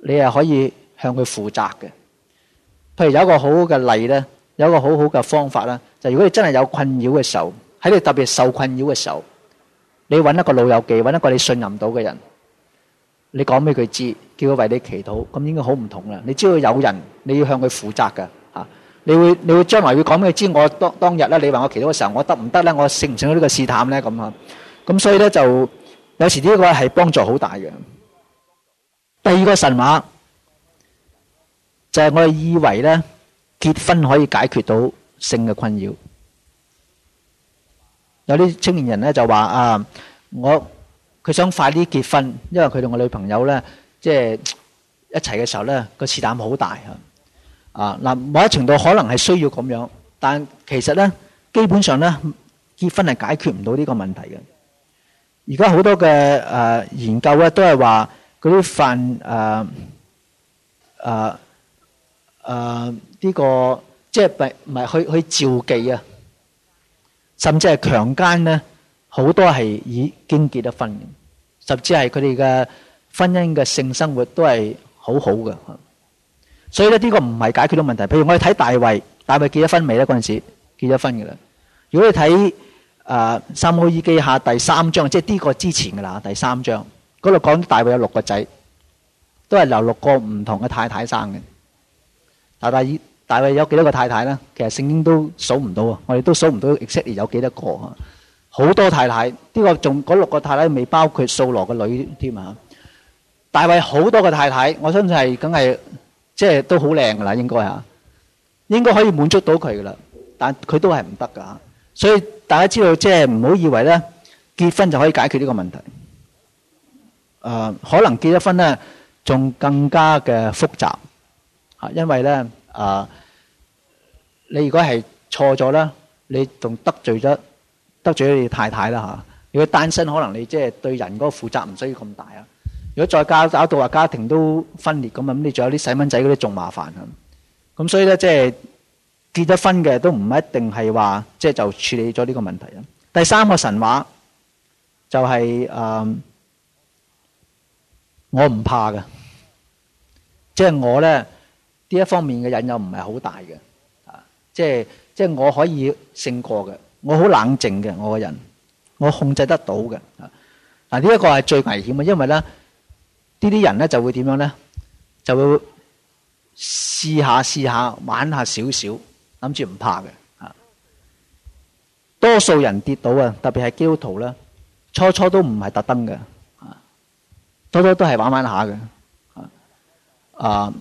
你係可以向佢負責嘅。譬如有一個好好嘅例咧，有一個好好嘅方法啦，就是、如果你真係有困擾嘅時候。喺你特別受困擾嘅時候，你揾一個老友記，揾一個你信任到嘅人，你講俾佢知，叫佢為你祈禱，咁應該好唔同啦。你知道有人，你要向佢負責噶，吓，你會你會將來會講俾佢知，我當當日咧，你話我祈禱嘅時候，我得唔得咧？我承唔承呢個試探咧？咁啊，咁所以咧就有時呢個係幫助好大嘅。第二個神話就係我哋以為咧結婚可以解決到性嘅困擾。有啲青年人咧就話啊，我佢想快啲結婚，因為佢同我女朋友咧，即係一齊嘅時候咧個試探好大啊！啊嗱，某一程度可能係需要咁樣，但其實咧基本上咧結婚係解決唔到呢個問題嘅。而家好多嘅誒、呃、研究咧都係話嗰啲犯誒誒誒呢個即係唔係去去召妓啊？甚至係強姦咧，好多係已經結咗婚嘅，甚至係佢哋嘅婚姻嘅性生活都係好好嘅。所以咧，呢個唔係解決到問題。譬如我哋睇大衛，大衛結咗婚未咧？嗰陣時結咗婚嘅啦。如果你睇《啊撒母耳記下第、就是》第三章，即係呢個之前噶啦。第三章嗰度講大衛有六個仔，都係留六個唔同嘅太太生嘅。阿黎。大衛有幾多個太太咧？其實聖經都數唔到，我哋都數唔到。exactly 有幾多個？好多太太，呢個仲嗰六個太太未包括掃羅嘅女添啊！大衛好多個太太，我相信係梗係即係都好靚噶啦，應該吓，應該可以滿足到佢噶啦。但佢都係唔得噶，所以大家知道即係唔好以為咧結婚就可以解決呢個問題。誒，可能結咗婚咧仲更加嘅複雜吓，因為咧。啊、呃！你如果係錯咗啦，你仲得罪咗得罪咗你太太啦吓。如果單身，可能你即係對人嗰個負責唔需要咁大啊。如果再搞搞到話家庭都分裂咁啊，咁你仲有啲細蚊仔嗰啲仲麻煩啊。咁所以咧，即係結咗婚嘅都唔一定係話即係就處理咗呢個問題啊。第三個神話就係誒、呃，我唔怕嘅，即係我咧。呢一方面嘅引誘唔係好大嘅，啊、即係，即係即係我可以勝過嘅，我好冷靜嘅我個人，我控制得到嘅，啊，嗱呢一個係最危險嘅，因為咧呢啲人咧就會點樣咧，就會試下試下玩下少少，諗住唔怕嘅，啊，多數人跌倒啊，特別係基督徒啦，初初都唔係特登嘅，啊，初初都係玩玩下嘅，啊，啊。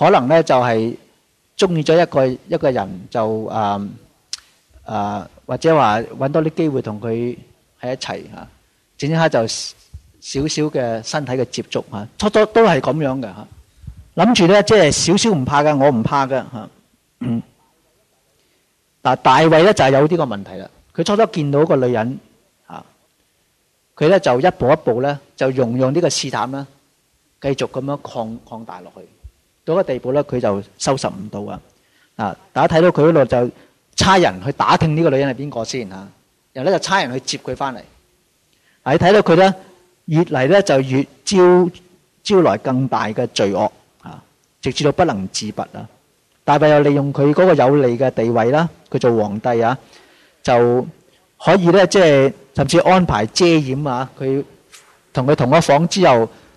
可能咧就係中意咗一個一個人就，誒誒、呃呃、或者話揾多啲機會同佢喺一齊吓，整、啊、下就少少嘅身體嘅接觸吓、啊，初初都係咁樣嘅吓，諗住咧即係少少唔怕㗎，我唔怕㗎吓、啊嗯。但係大衛咧就係、是、有呢個問題啦，佢初初見到一個女人啊，佢咧就一步一步咧就用用呢個試探啦，繼續咁樣擴擴大落去。到個地步咧，佢就收拾唔到啊！啊，大家睇到佢嗰度就差人去打聽呢個女人係邊個先啊？然後咧就差人去接佢翻嚟。你睇到佢咧，越嚟咧就越招招來更大嘅罪惡啊！直至到不能自拔啊！大衞又利用佢嗰個有利嘅地位啦，佢做皇帝啊，就可以咧即係甚至安排遮掩啊！佢同佢同一房之後。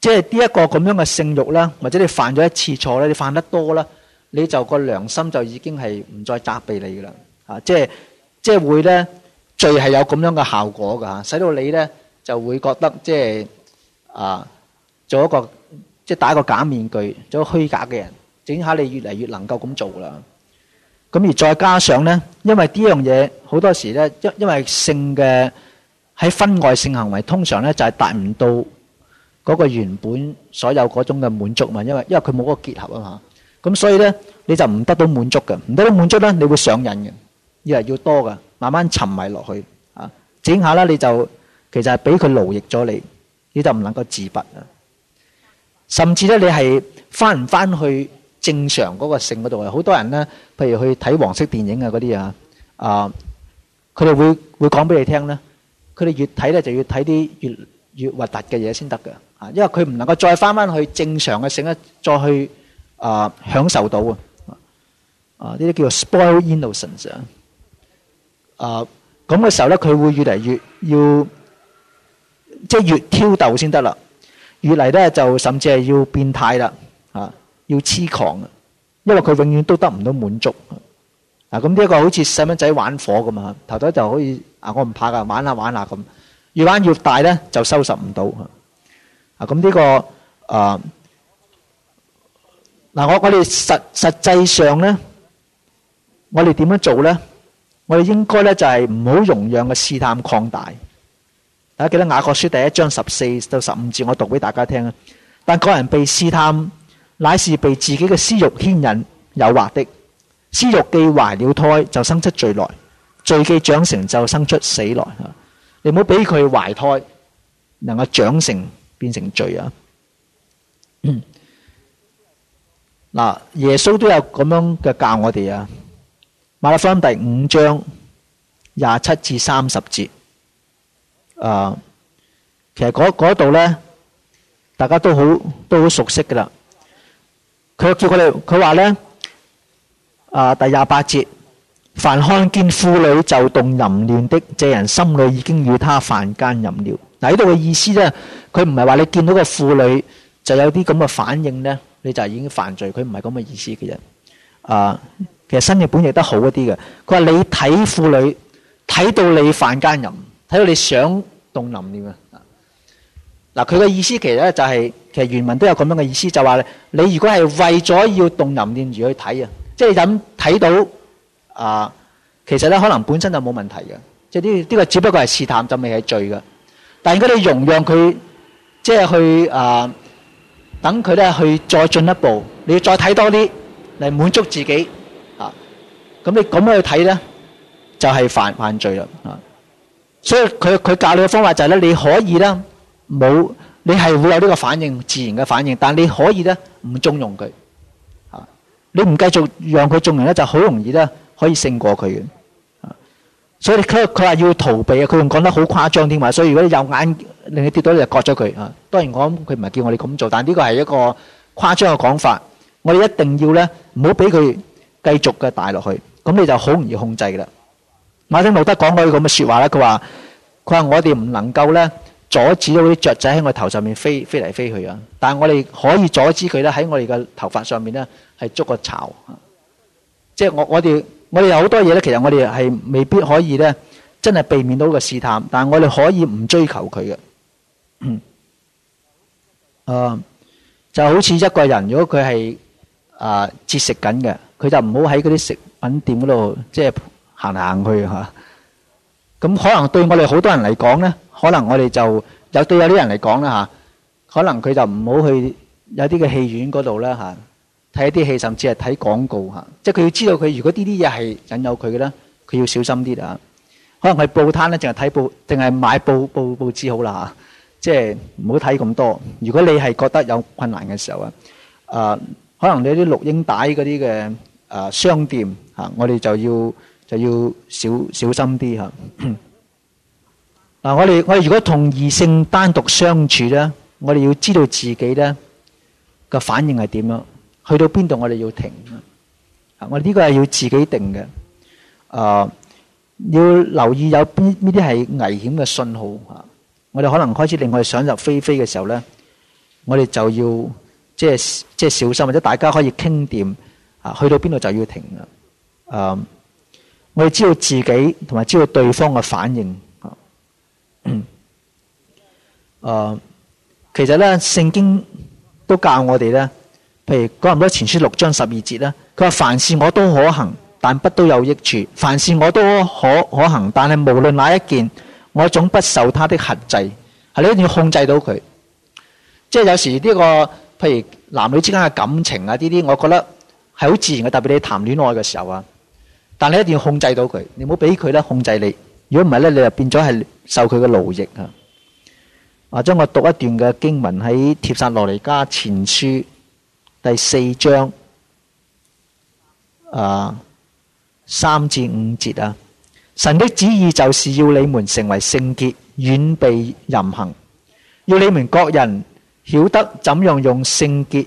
即係呢一個咁樣嘅性慾咧，或者你犯咗一次錯咧，你犯得多咧，你就個良心就已經係唔再責備你噶啦。啊，即係即係會咧，罪係有咁樣嘅效果噶吓，使到你咧就會覺得即係啊，做一個即係打一個假面具，做一個虛假嘅人，整下你越嚟越能夠咁做啦。咁而再加上咧，因為呢樣嘢好多時咧，因因為性嘅喺婚外性行為通常咧就係達唔到，嗰個原本所有嗰種嘅滿足嘛，因為因為佢冇嗰個結合啊嘛，咁所以咧你就唔得到滿足嘅，唔得到滿足咧你會上癮嘅，越係要多噶，慢慢沉迷落去啊，整下啦你就其實係俾佢奴役咗你，你就唔能夠自拔啊，甚至咧你係翻唔翻去正常嗰個性嗰度啊？好多人咧，譬如去睇黃色電影啊嗰啲啊，啊，佢哋會會講俾你聽咧，佢哋越睇咧就要睇啲越越核突嘅嘢先得㗎。啊，因為佢唔能夠再返返去正常嘅性質，再去啊、呃、享受到啊啊呢啲叫做 spoil innocence 啊。咁嘅時候咧，佢會越嚟越要即係越挑逗先得啦。越嚟咧就甚至係要變態啦，啊要痴狂，因為佢永遠都得唔到滿足啊。咁呢一個好似細蚊仔玩火咁啊，頭頭就可以啊，我唔怕㗎，玩下、啊、玩下、啊、咁越玩越大咧，就收拾唔到。啊！咁呢、這個啊，嗱、呃，我我哋實實際上咧，我哋點樣做咧？我哋應該咧就係唔好容讓嘅試探擴大。大家記得雅各書第一章十四到十五節，我讀俾大家聽啊！但個人被試探，乃是被自己嘅私欲牽引誘惑的。私欲既懷了胎，就生出罪來；罪既長成，就生出死來。嚇！你唔好俾佢懷胎，能夠長成。變成罪啊！嗱，耶穌都有咁樣嘅教我哋啊，《馬太福音》第五章廿七至三十節，誒，其實嗰嗰度咧，大家都好都好熟悉嘅啦。佢叫佢哋，佢話咧，誒，第廿八節，凡看見婦女就動淫念的，這人心裡已經與他犯姦淫了。睇到度嘅意思咧，佢唔係話你見到個婦女就有啲咁嘅反應咧，你就已經犯罪。佢唔係咁嘅意思嘅啫啊。其實新日本亦都好一啲嘅。佢話你睇婦女，睇到你犯奸淫，睇到你想動淫念啊。嗱，佢嘅意思其實咧就係、是，其實原文都有咁樣嘅意思，就話、是、你如果係為咗要動淫念而去睇啊，即係咁睇到啊，其實咧可能本身就冇問題嘅，即係呢呢個只不過係試探，就未係罪嘅。但如果你容讓佢，即係去誒，等佢咧去再進一步，你要再睇多啲嚟滿足自己啊。咁你咁樣去睇咧，就係犯犯罪啦。所以佢佢教你嘅方法就係咧，你可以咧，冇你係會有呢個反應，自然嘅反應，但你可以咧唔縱容佢啊。你唔繼續讓佢縱容咧，就好容易咧可以勝過佢嘅。所以佢佢話要逃避啊！佢仲講得好誇張添喎，所以如果你有眼令你跌到，你就割咗佢啊！當然我諗佢唔係叫我哋咁做，但呢個係一個誇張嘅講法。我哋一定要咧，唔好俾佢繼續嘅帶落去，咁你就好容易控制啦。馬丁路德講過呢個説話啦，佢話佢話我哋唔能夠咧阻止到啲雀仔喺我頭上面飛飛嚟飛去啊，但係我哋可以阻止佢咧喺我哋嘅頭髮上面咧係捉個巢，即係我我哋。我哋有好多嘢咧，其實我哋係未必可以咧，真係避免到個試探，但係我哋可以唔追求佢嘅。嗯，誒、 啊，就好似一個人，如果佢係誒節食緊嘅，佢就唔好喺嗰啲食品店嗰度即係行行去嚇。咁、啊、可能對我哋好多人嚟講咧，可能我哋就有對有啲人嚟講啦嚇，可能佢就唔好去有啲嘅戲院嗰度啦嚇。啊睇一啲戲，甚至係睇廣告嚇，即係佢要知道佢如果呢啲嘢係引誘佢嘅咧，佢要小心啲啊。可能係報攤咧，淨係睇報，淨係買報報報紙好啦嚇，即係唔好睇咁多。如果你係覺得有困難嘅時候啊，誒，可能你啲錄音帶嗰啲嘅誒商店嚇，我哋就要就要小小，小心啲嚇。嗱、啊，我哋我哋如果同異性單獨相處咧，我哋要知道自己咧個反應係點樣。去到邊度我哋要停啊。我哋呢個係要自己定嘅，誒，要留意有邊呢啲係危險嘅信號啊。我哋可能開始令我哋想入非非嘅時候咧，我哋就要即係即係小心，或者大家可以傾掂啊，去到邊度就要停啦，誒，我哋知道自己同埋知道對方嘅反應啊，誒，其實咧聖經都教我哋咧。譬如《哥林多前書》六章十二節啦，佢話凡事我都可行，但不都有益處；凡事我都可可行，但係無論哪一件，我總不受他的限制。係你一定要控制到佢，即係有時呢、這個譬如男女之間嘅感情啊，呢啲我覺得係好自然嘅，特別你談戀愛嘅時候啊。但你一定要控制到佢，你唔好俾佢咧控制你。如果唔係咧，你就變咗係受佢嘅奴役啊！啊，將我讀一段嘅經文喺《帖撒羅尼加前書》。第四章，誒，三至五節啊，神的旨意就是要你們成為聖潔，遠避淫行，要你們各人曉得怎樣用聖潔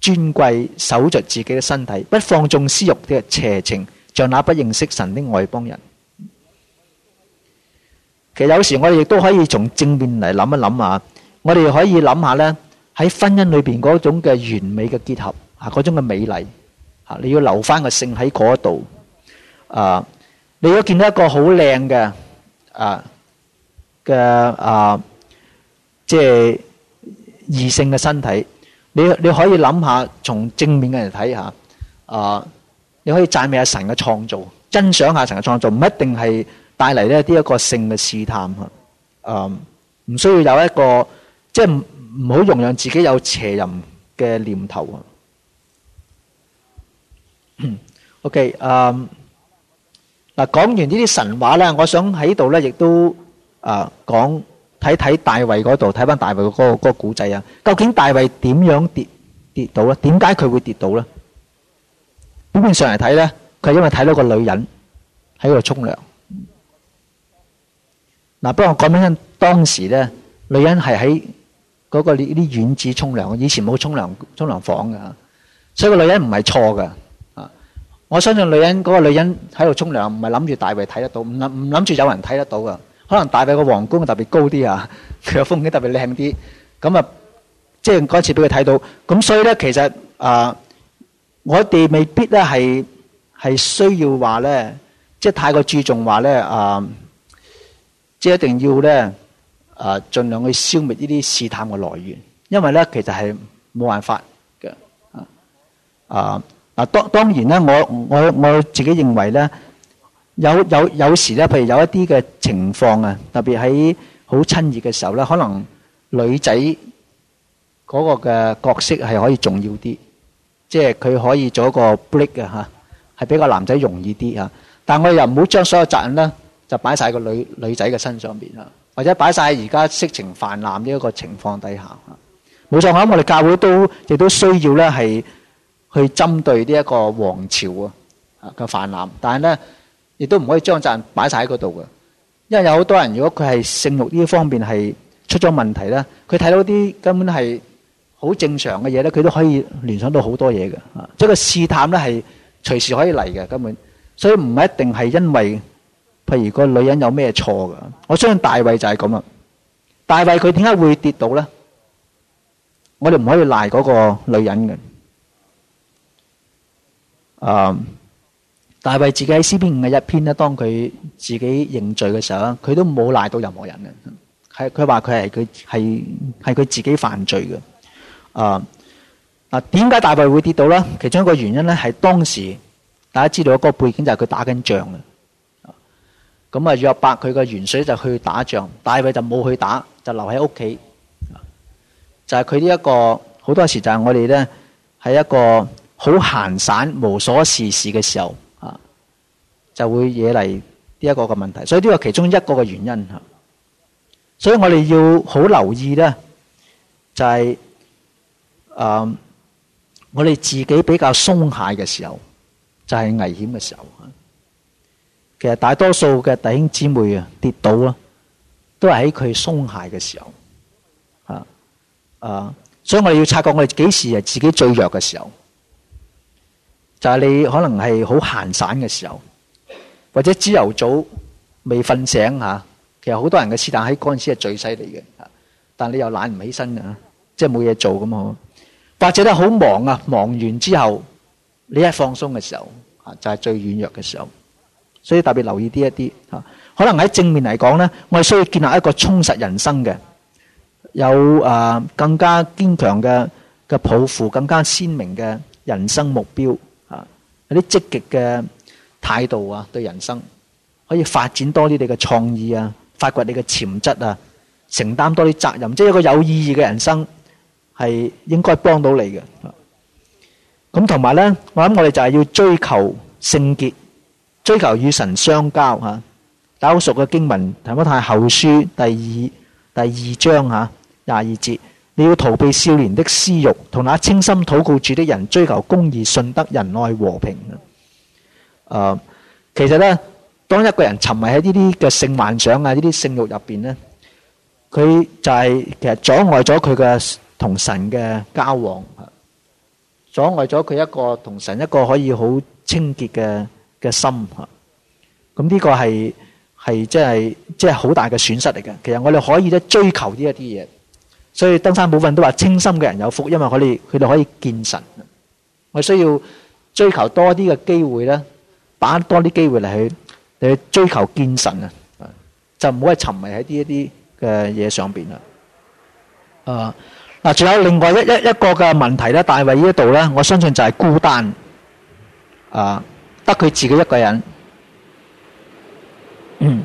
尊貴守着自己的身體，不放縱私欲的邪情，像那不認識神的外邦人。其實有時我哋亦都可以從正面嚟諗一諗啊，我哋可以諗下呢。喺婚姻裏邊嗰種嘅完美嘅結合，吓嗰種嘅美麗吓，你要留翻個性喺嗰度。啊，你如果見到一個好靚嘅啊嘅啊，即係異性嘅身體，你你可以諗下從正面嘅嚟睇下啊，你可以讚美下神嘅創造，欣賞下神嘅創造，唔一定係帶嚟咧啲一個性嘅試探吓，嗯，唔需要有一個即係。唔好容讓自己有邪淫嘅念頭啊！OK，嗯，嗱，講完呢啲神話咧，我想喺度咧亦都啊講睇睇大衛嗰度，睇翻大衛嘅嗰個嗰個古仔啊！究竟大衛點樣跌跌倒咧？點解佢會跌倒咧？表面上嚟睇咧，佢係因為睇到個女人喺度沖涼。嗱，不過我講明聲，當時咧，女人係喺。嗰個呢啲院子沖涼，以前冇沖涼沖涼房嘅，所以個女人唔係錯嘅啊！我相信女人，嗰個女人喺度沖涼，唔係諗住大衞睇得到，唔諗唔諗住有人睇得到嘅。可能大衞個皇宮特別高啲啊，佢個風景特別靚啲，咁啊即係嗰一次俾佢睇到。咁所以咧，其實啊，我哋未必咧係係需要話咧，即係太過注重話咧啊，即係一定要咧。啊！儘量去消滅呢啲試探嘅來源，因為咧其實係冇辦法嘅。啊啊！嗱，當當然咧，我我我自己認為咧，有有有時咧，譬如有一啲嘅情況啊，特別喺好親熱嘅時候咧，可能女仔嗰個嘅角色係可以重要啲，即係佢可以做一個 break 嘅嚇，係比個男仔容易啲嚇。但我又唔好將所有責任咧就擺曬個女女仔嘅身上邊啊！或者擺晒而家色情泛濫呢一個情況底下，冇錯。我諗我哋教會都亦都需要咧，係去針對呢一個黃潮啊嘅泛濫。但係咧，亦都唔可以將贊擺晒喺嗰度嘅，因為有好多人，如果佢係性慾呢方面係出咗問題咧，佢睇到啲根本係好正常嘅嘢咧，佢都可以聯想到好多嘢嘅啊。即係個試探咧，係隨時可以嚟嘅根本，所以唔係一定係因為。譬如個女人有咩錯噶？我相信大衛就係咁啦。大衛佢點解會跌倒咧？我哋唔可以賴嗰個女人嘅。啊，大衛自己喺《詩篇》五十一篇咧，當佢自己認罪嘅時候，佢都冇賴到任何人嘅。係佢話佢係佢係係佢自己犯罪嘅。啊啊，點解大衛會跌倒咧？其中一個原因咧，係當時大家知道嗰個背景就係佢打緊仗嘅。咁啊，約伯佢個元帥就去打仗，大衛就冇去打，就留喺屋企。就係、是、佢、這個、呢一個好多時就係我哋呢，係一個好閒散、無所事事嘅時候啊，就會惹嚟，呢一個嘅問題。所以呢個其中一個嘅原因吓，所以我哋要好留意呢，就係、是、誒、嗯，我哋自己比較鬆懈嘅時候，就係、是、危險嘅時候。其實大多數嘅弟兄姊妹啊，跌倒啦，都係喺佢鬆懈嘅時候，啊啊！所以我哋要察覺我哋幾時係自己最弱嘅時候，就係、是、你可能係好閒散嘅時候，或者朝頭早未瞓醒吓、啊，其實好多人嘅是但喺嗰陣時係最犀利嘅，但你又懶唔起身啊，即係冇嘢做咁好、啊，或者咧好忙啊，忙完之後你一放鬆嘅時候，啊就係、是、最軟弱嘅時候。所以特別留意啲一啲吓，可能喺正面嚟講呢，我哋需要建立一個充實人生嘅，有誒更加堅強嘅嘅抱負，更加鮮明嘅人生目標吓，有啲積極嘅態度啊，對人生可以發展多啲你嘅創意啊，發掘你嘅潛質啊，承擔多啲責任，即係一個有意義嘅人生係應該幫到你嘅吓。咁同埋呢，我諗我哋就係要追求聖潔。追求與神相交嚇，大家好熟嘅經文，提摩太後書第二第二章嚇廿二,二節，你要逃避少年的私欲，同那清心禱告主的人追求公義、信德、仁愛、和平。誒、呃，其實呢，當一個人沉迷喺呢啲嘅性幻想啊、呢啲性慾入邊呢，佢就係、是、其實阻礙咗佢嘅同神嘅交往，阻礙咗佢一個同神一個可以好清潔嘅。嘅心嚇，咁、嗯、呢、這個係係即係即係好大嘅損失嚟嘅。其實我哋可以咧追求呢一啲嘢，所以登山寶訓都話清心嘅人有福，因為可以佢哋可以見神。我需要追求多啲嘅機會咧，把握多啲機會嚟去去追求見神啊，就唔好係沉迷喺呢一啲嘅嘢上邊。啦、嗯。啊，嗱，仲有另外一一一個嘅問題咧，大衛呢一度咧，我相信就係孤單啊。嗯得佢自己一個人，嗯，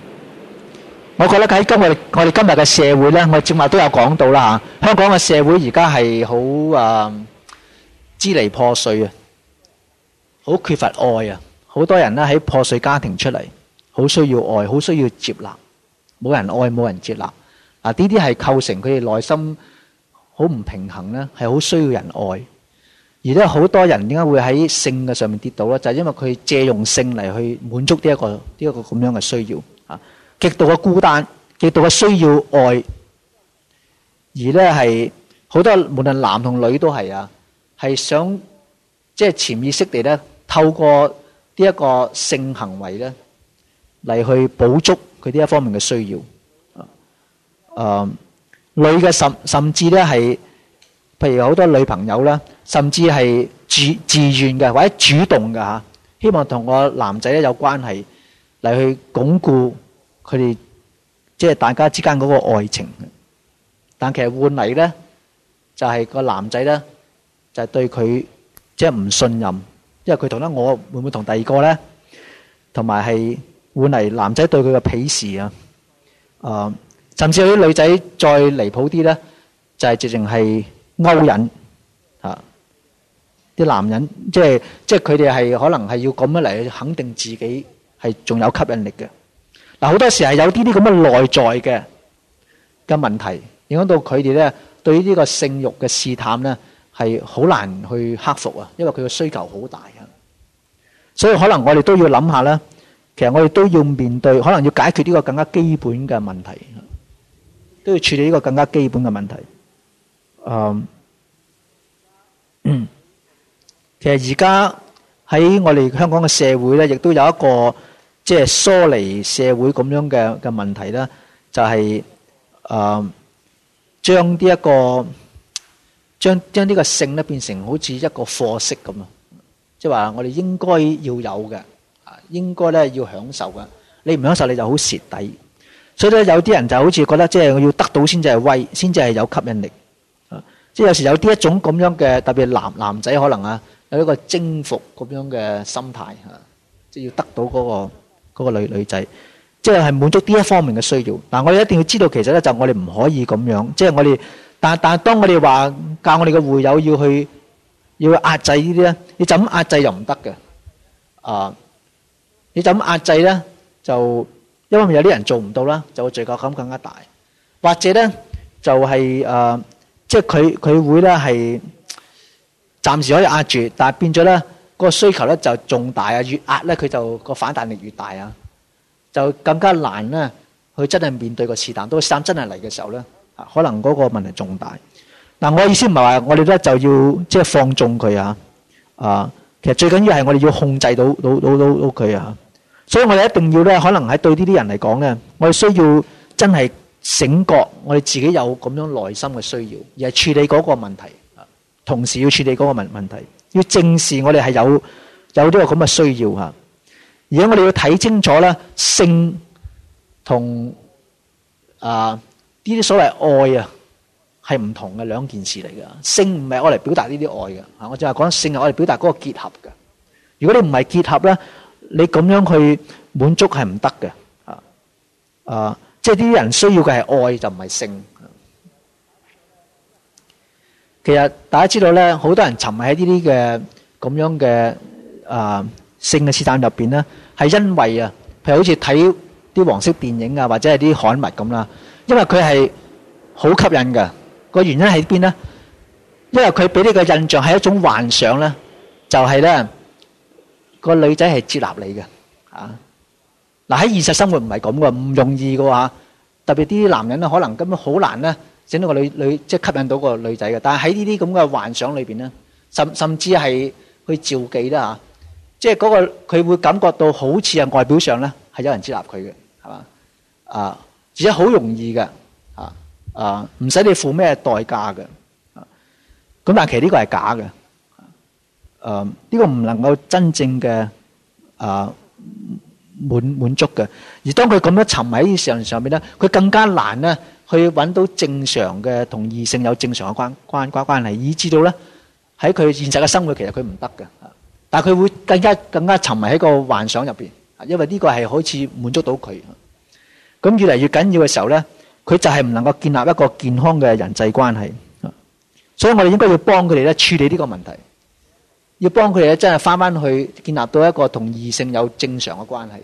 我覺得喺今我哋我哋今日嘅社會呢，我接物都有講到啦吓。香港嘅社會而家係好啊，支離破碎啊，好缺乏愛啊，好多人咧喺破碎家庭出嚟，好需要愛，好需要接納，冇人愛，冇人接納啊。呢啲係構成佢哋內心好唔平衡咧，係好需要人愛。而咧好多人點解會喺性嘅上面跌倒咧？就係因為佢借用性嚟去滿足呢一個呢一個咁樣嘅需要啊！極度嘅孤單，極度嘅需要愛。而咧係好多無論男同女都係啊，係想即係潛意識地咧透過呢一個性行為咧嚟去補足佢呢一方面嘅需要啊。誒女嘅甚甚至咧係，譬如好多女朋友啦。甚至係自自願嘅或者主動嘅吓，希望同個男仔咧有關係嚟，去鞏固佢哋即係大家之間嗰個愛情。但其實換嚟咧就係個男仔咧就係對佢即係唔信任，因為佢同得我會唔會同第二個咧，同埋係換嚟男仔對佢嘅鄙視啊！啊，甚至有啲女仔再離譜啲咧，就係直情係勾引。啲男人即係即係佢哋係可能係要咁樣嚟肯定自己係仲有吸引力嘅嗱，好多時係有啲啲咁嘅內在嘅嘅問題，影響到佢哋咧對於呢個性慾嘅試探咧係好難去克服啊，因為佢嘅需求好大啊，所以可能我哋都要諗下啦，其實我哋都要面對，可能要解決呢個更加基本嘅問題，都要處理呢個更加基本嘅問題，嗯。其實而家喺我哋香港嘅社會咧，亦都有一個即係疏離社會咁樣嘅嘅問題啦，就係誒將呢一個將將呢個性咧變成好似一個貨色咁啊！即係話我哋應該要有嘅，啊應該咧要享受嘅，你唔享受你就好蝕底。所以咧有啲人就好似覺得即係要得到先至係威，先至係有吸引力。啊，即係有時有啲一種咁樣嘅特別男男仔可能啊～有一個征服咁樣嘅心態吓，即係要得到嗰個嗰個女女仔，即係係滿足呢一方面嘅需要。嗱，我哋一定要知道，其實咧就我哋唔可以咁樣，即係我哋。但係但係，當我哋話教我哋嘅會友要去要去壓制呢啲咧，你怎壓制又唔得嘅。啊，你怎壓制咧？就因為有啲人做唔到啦，就會罪疚感更加大。或者咧，就係誒，即係佢佢會咧係。暫時可以壓住，但係變咗咧，個需求咧就仲大啊！越壓咧，佢就個反彈力越大啊，就更加難咧去真係面對個刺彈。當嗰個刺彈真係嚟嘅時候咧，啊，可能嗰個問題仲大。嗱，我意思唔係話我哋咧就要即係放縱佢啊，啊，其實最緊要係我哋要控制到到到到到佢啊。所以我哋一定要咧，可能喺對呢啲人嚟講咧，我哋需要真係醒覺，我哋自己有咁樣內心嘅需要，而係處理嗰個問題。同時要處理嗰個問問題，要正視我哋係有有呢個咁嘅需要嚇。而我哋要睇清楚咧，性同啊呢啲所謂愛啊係唔同嘅兩件事嚟噶。性唔係我嚟表達呢啲愛嘅啊，我淨係講性係我嚟表達嗰個結合嘅。如果你唔係結合咧，你咁樣去滿足係唔得嘅啊啊！即係呢啲人需要嘅係愛就唔係性。其實大家知道咧，好多人沉迷喺呢啲嘅咁樣嘅啊性嘅試探入邊咧，係因為啊，譬如好似睇啲黃色電影啊，或者係啲刊物咁啦，因為佢係好吸引嘅。個原因喺邊咧？因為佢俾你個印象係一種幻想咧，就係咧個女仔係接納你嘅啊。嗱，喺現實生活唔係咁噶，唔容易噶喎，特別啲男人咧，可能根本好難咧。整到個女女，即係吸引到個女仔嘅，但係喺呢啲咁嘅幻想裏邊咧，甚甚至係去召妓啦嚇，即係嗰個佢會感覺到好似係外表上咧係有人接納佢嘅，係嘛啊？而且好容易嘅嚇啊，唔使你付咩代價嘅啊。咁但係其實呢個係假嘅，誒呢個唔能夠真正嘅啊滿滿足嘅。而當佢咁樣沉迷喺呢啲事上上邊咧，佢更加難咧，去揾到正常嘅同異性有正常嘅關關關係，以至到咧喺佢現實嘅生活，其實佢唔得嘅㗎。但係佢會更加更加沉迷喺個幻想入邊，因為呢個係好似滿足到佢。咁越嚟越緊要嘅時候咧，佢就係唔能夠建立一個健康嘅人際關係啊！所以我哋應該要幫佢哋咧處理呢個問題，要幫佢哋咧真係返返去建立到一個同異性有正常嘅關係。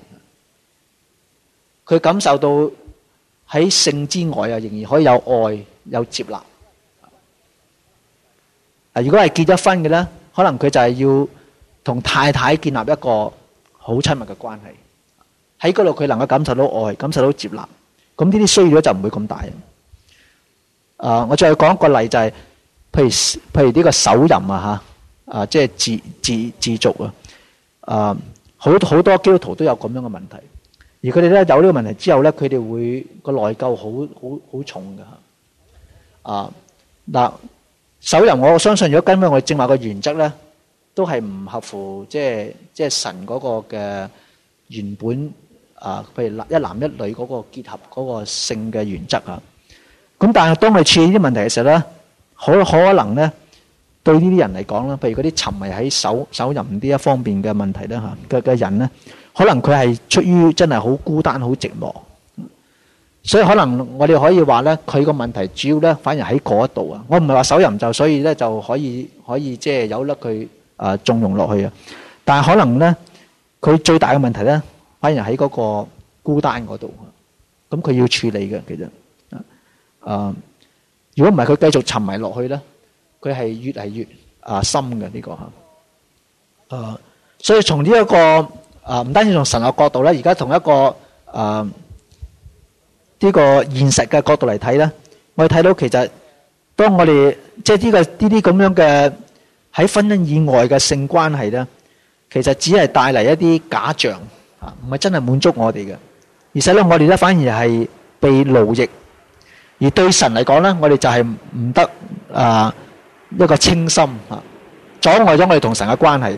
佢感受到。喺性之外啊，仍然可以有愛、有接納。啊，如果係結咗婚嘅，咧，可能佢就係要同太太建立一個好親密嘅關係，喺嗰度佢能夠感受到愛、感受到接納，咁呢啲需要就唔會咁大。啊，我再講一個例就係，譬如譬如呢個手淫啊，吓啊，即係自自自足啊，啊，好好多基督徒都有咁樣嘅問題。而佢哋咧有呢個問題之後咧，佢哋會個內疚好好好重嘅嚇。啊，嗱，手淫，我相信如果根據我哋正話嘅原則咧，都係唔合乎即係即係神嗰個嘅原本啊，譬如一男一女嗰個結合嗰個性嘅原則嚇。咁、啊、但係當我處理呢啲問題嘅時候咧，好可能咧對呢啲人嚟講咧，譬如嗰啲沉迷喺手手淫呢一方面嘅問題咧嚇嘅嘅人咧。可能佢係出於真係好孤單、好寂寞，所以可能我哋可以話咧，佢個問題主要咧，反而喺嗰度啊。我唔係話手淫就，所以咧就可以可以即係由得佢啊縱容落去啊。但係可能咧，佢最大嘅問題咧，反而喺嗰個孤單嗰度啊。咁佢要處理嘅其實啊，如果唔係佢繼續沉迷落去咧，佢係越嚟越啊深嘅呢個吓。啊，所以從呢一個。啊！唔單止從神嘅角度咧，而家從一個誒呢個現實嘅角度嚟睇咧，我哋睇到其實當我哋即係呢個呢啲咁樣嘅喺婚姻以外嘅性關係咧，其實只係帶嚟一啲假象啊，唔係真係滿足我哋嘅，而且咧我哋咧反而係被奴役，而對神嚟講咧，我哋就係唔得啊一個清心啊，阻礙咗我哋同神嘅關係，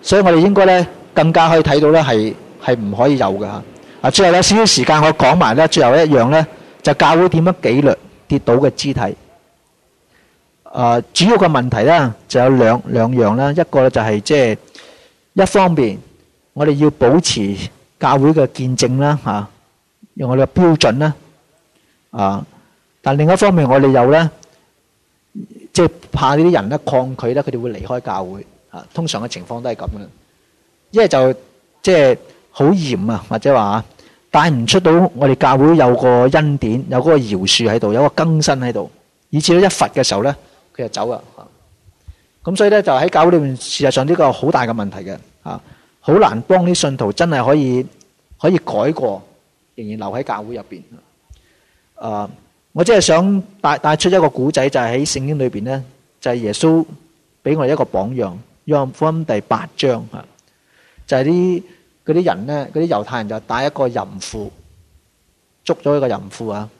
所以我哋應該咧。更加可以睇到咧，係係唔可以有嘅吓。啊，最後有少少時間，我講埋咧，最後一樣咧，就教會點樣紀律跌倒嘅肢體。啊，主要嘅問題咧，就有兩兩樣啦。一個咧就係即係一方面，我哋要保持教會嘅見證啦，吓用我哋嘅標準啦。啊，但另一方面，我哋又咧，即係怕呢啲人咧抗拒咧，佢哋會離開教會。啊，通常嘅情況都係咁嘅。一係就即係好嚴啊，或者話帶唔出到我哋教會有個恩典，有嗰個饒恕喺度，有個更新喺度，以至到一罰嘅時候呢，佢就走啦。咁所以呢，就喺教會裏面，事實上呢個好大嘅問題嘅吓，好難幫啲信徒真係可以可以改過，仍然留喺教會入邊。誒、啊，我即係想帶帶出一個古仔，就係喺聖經裏邊呢，就係、是、耶穌俾我哋一個榜樣，約翰福音第八章吓。就係啲嗰啲人咧，嗰啲猶太人就帶一個淫婦捉咗一個淫婦啊，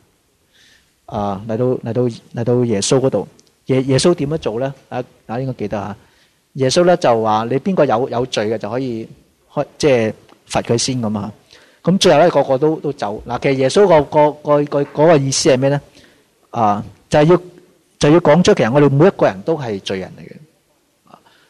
啊嚟到嚟到嚟到耶穌嗰度，耶耶穌點樣做咧？啊啊，大家應該記得啊！耶穌咧就話：你邊個有有罪嘅就可以開，即係罰佢先咁啊！咁最後咧個個都都走。嗱，其實耶穌個個個個嗰個意思係咩咧？啊，就係要就要講出其實我哋每一個人都係罪人嚟嘅。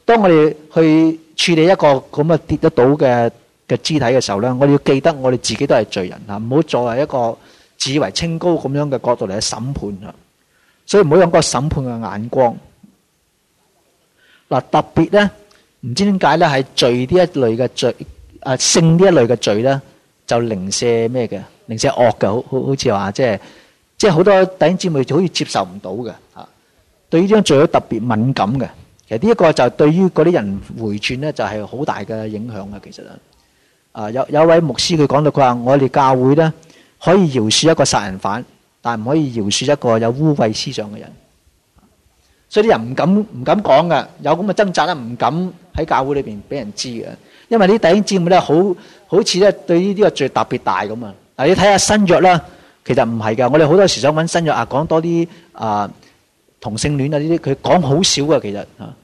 當我哋去，處理一個咁啊跌得到嘅嘅肢體嘅時候咧，我哋要記得我哋自己都係罪人啊！唔好作為一個自以為清高咁樣嘅角度嚟審判啊！所以唔好用個審判嘅眼光嗱，特別咧唔知點解咧係罪呢一類嘅罪啊，性呢一類嘅罪咧就零舍咩嘅，零舍惡嘅，好好好似話即係即係好多弟兄姊妹好似接受唔到嘅嚇，對呢啲罪特別敏感嘅。其實呢一個就對於嗰啲人回轉咧，就係好大嘅影響嘅。其實啊，有有一位牧師佢講到，佢話我哋教會咧可以饒恕一個殺人犯，但唔可以饒恕一個有污穢思想嘅人。所以啲人唔敢唔敢講嘅，有咁嘅掙扎咧，唔敢喺教會裏邊俾人知嘅。因為啲頂尖人物咧，好好似咧對呢啲個罪特別大咁啊。嗱，你睇下新約啦，其實唔係噶。我哋好多時想搵新約啊，講多啲啊同性戀啊呢啲，佢講好少噶。其實啊。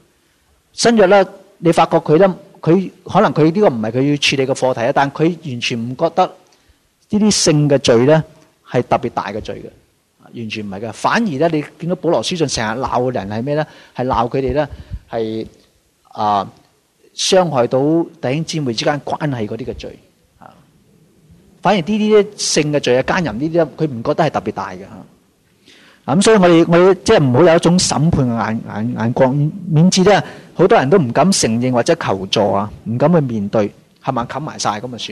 新約咧，你發覺佢咧，佢可能佢呢個唔係佢要處理嘅課題啊，但佢完全唔覺得呢啲性嘅罪咧係特別大嘅罪嘅，完全唔係嘅。反而咧，你見到保羅書信成日鬧人係咩咧？係鬧佢哋咧，係啊傷害到弟兄姊妹之間關係嗰啲嘅罪啊。反而呢啲咧性嘅罪啊，奸淫呢啲咧，佢唔覺得係特別大嘅㗎。咁、嗯、所以我哋，我哋我哋即係唔好有一種審判嘅眼眼眼光，免至咧好多人都唔敢承認或者求助啊，唔敢去面對，係咪冚埋晒咁啊算？